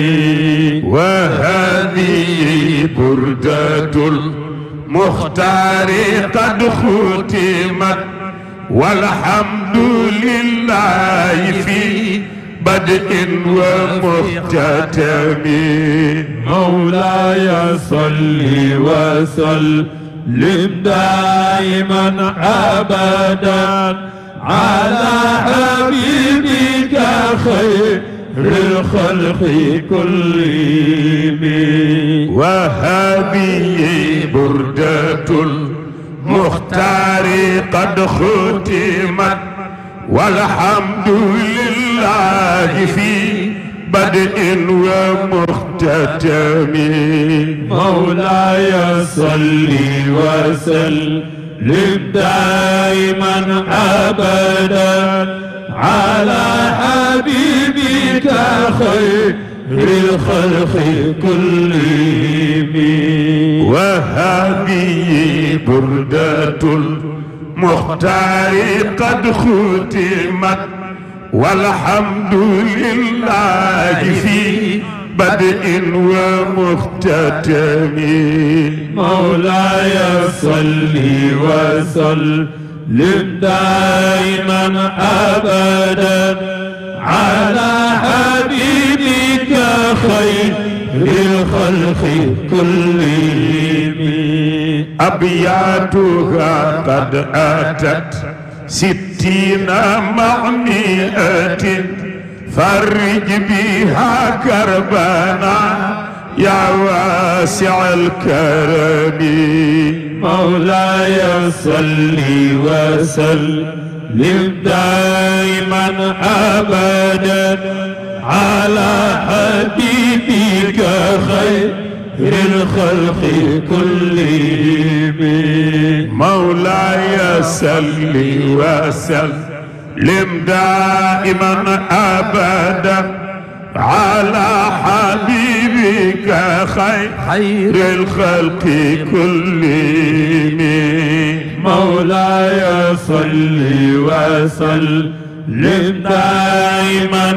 وهذه بردة المختار قد ختمت والحمد لله في بدء ومختتم مولاي صل وسلم دائما ابدا على حبيبك خير الخلق كلهم وهذه بردة مختاري قد ختمت والحمد لله في بدء ومختتم مولاي صل وسلم دائما ابدا على حبيبك خير الخلق كلهم وهذه بردة المختار قد ختمت والحمد لله في بدء ومختتم مولاي صل وسلم دائما ابدا على حبيبك خير للخلق كلهم أبياتها قد أتت ستين معمئة فرج بها كربنا يا واسع الكرم مولاي صل وسلم دائما ابدا على حبيبي بك خير الخلق كلهم مولاي سل وسلم دائما ابدا على حبيبك خير, خير الخلق كلهم مولاي صل وسلم دائما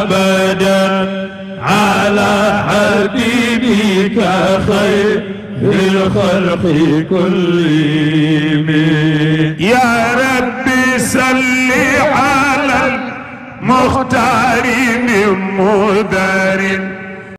ابدا على حبيبك خير الخلق كلهم يا ربي سل على المختار من مدر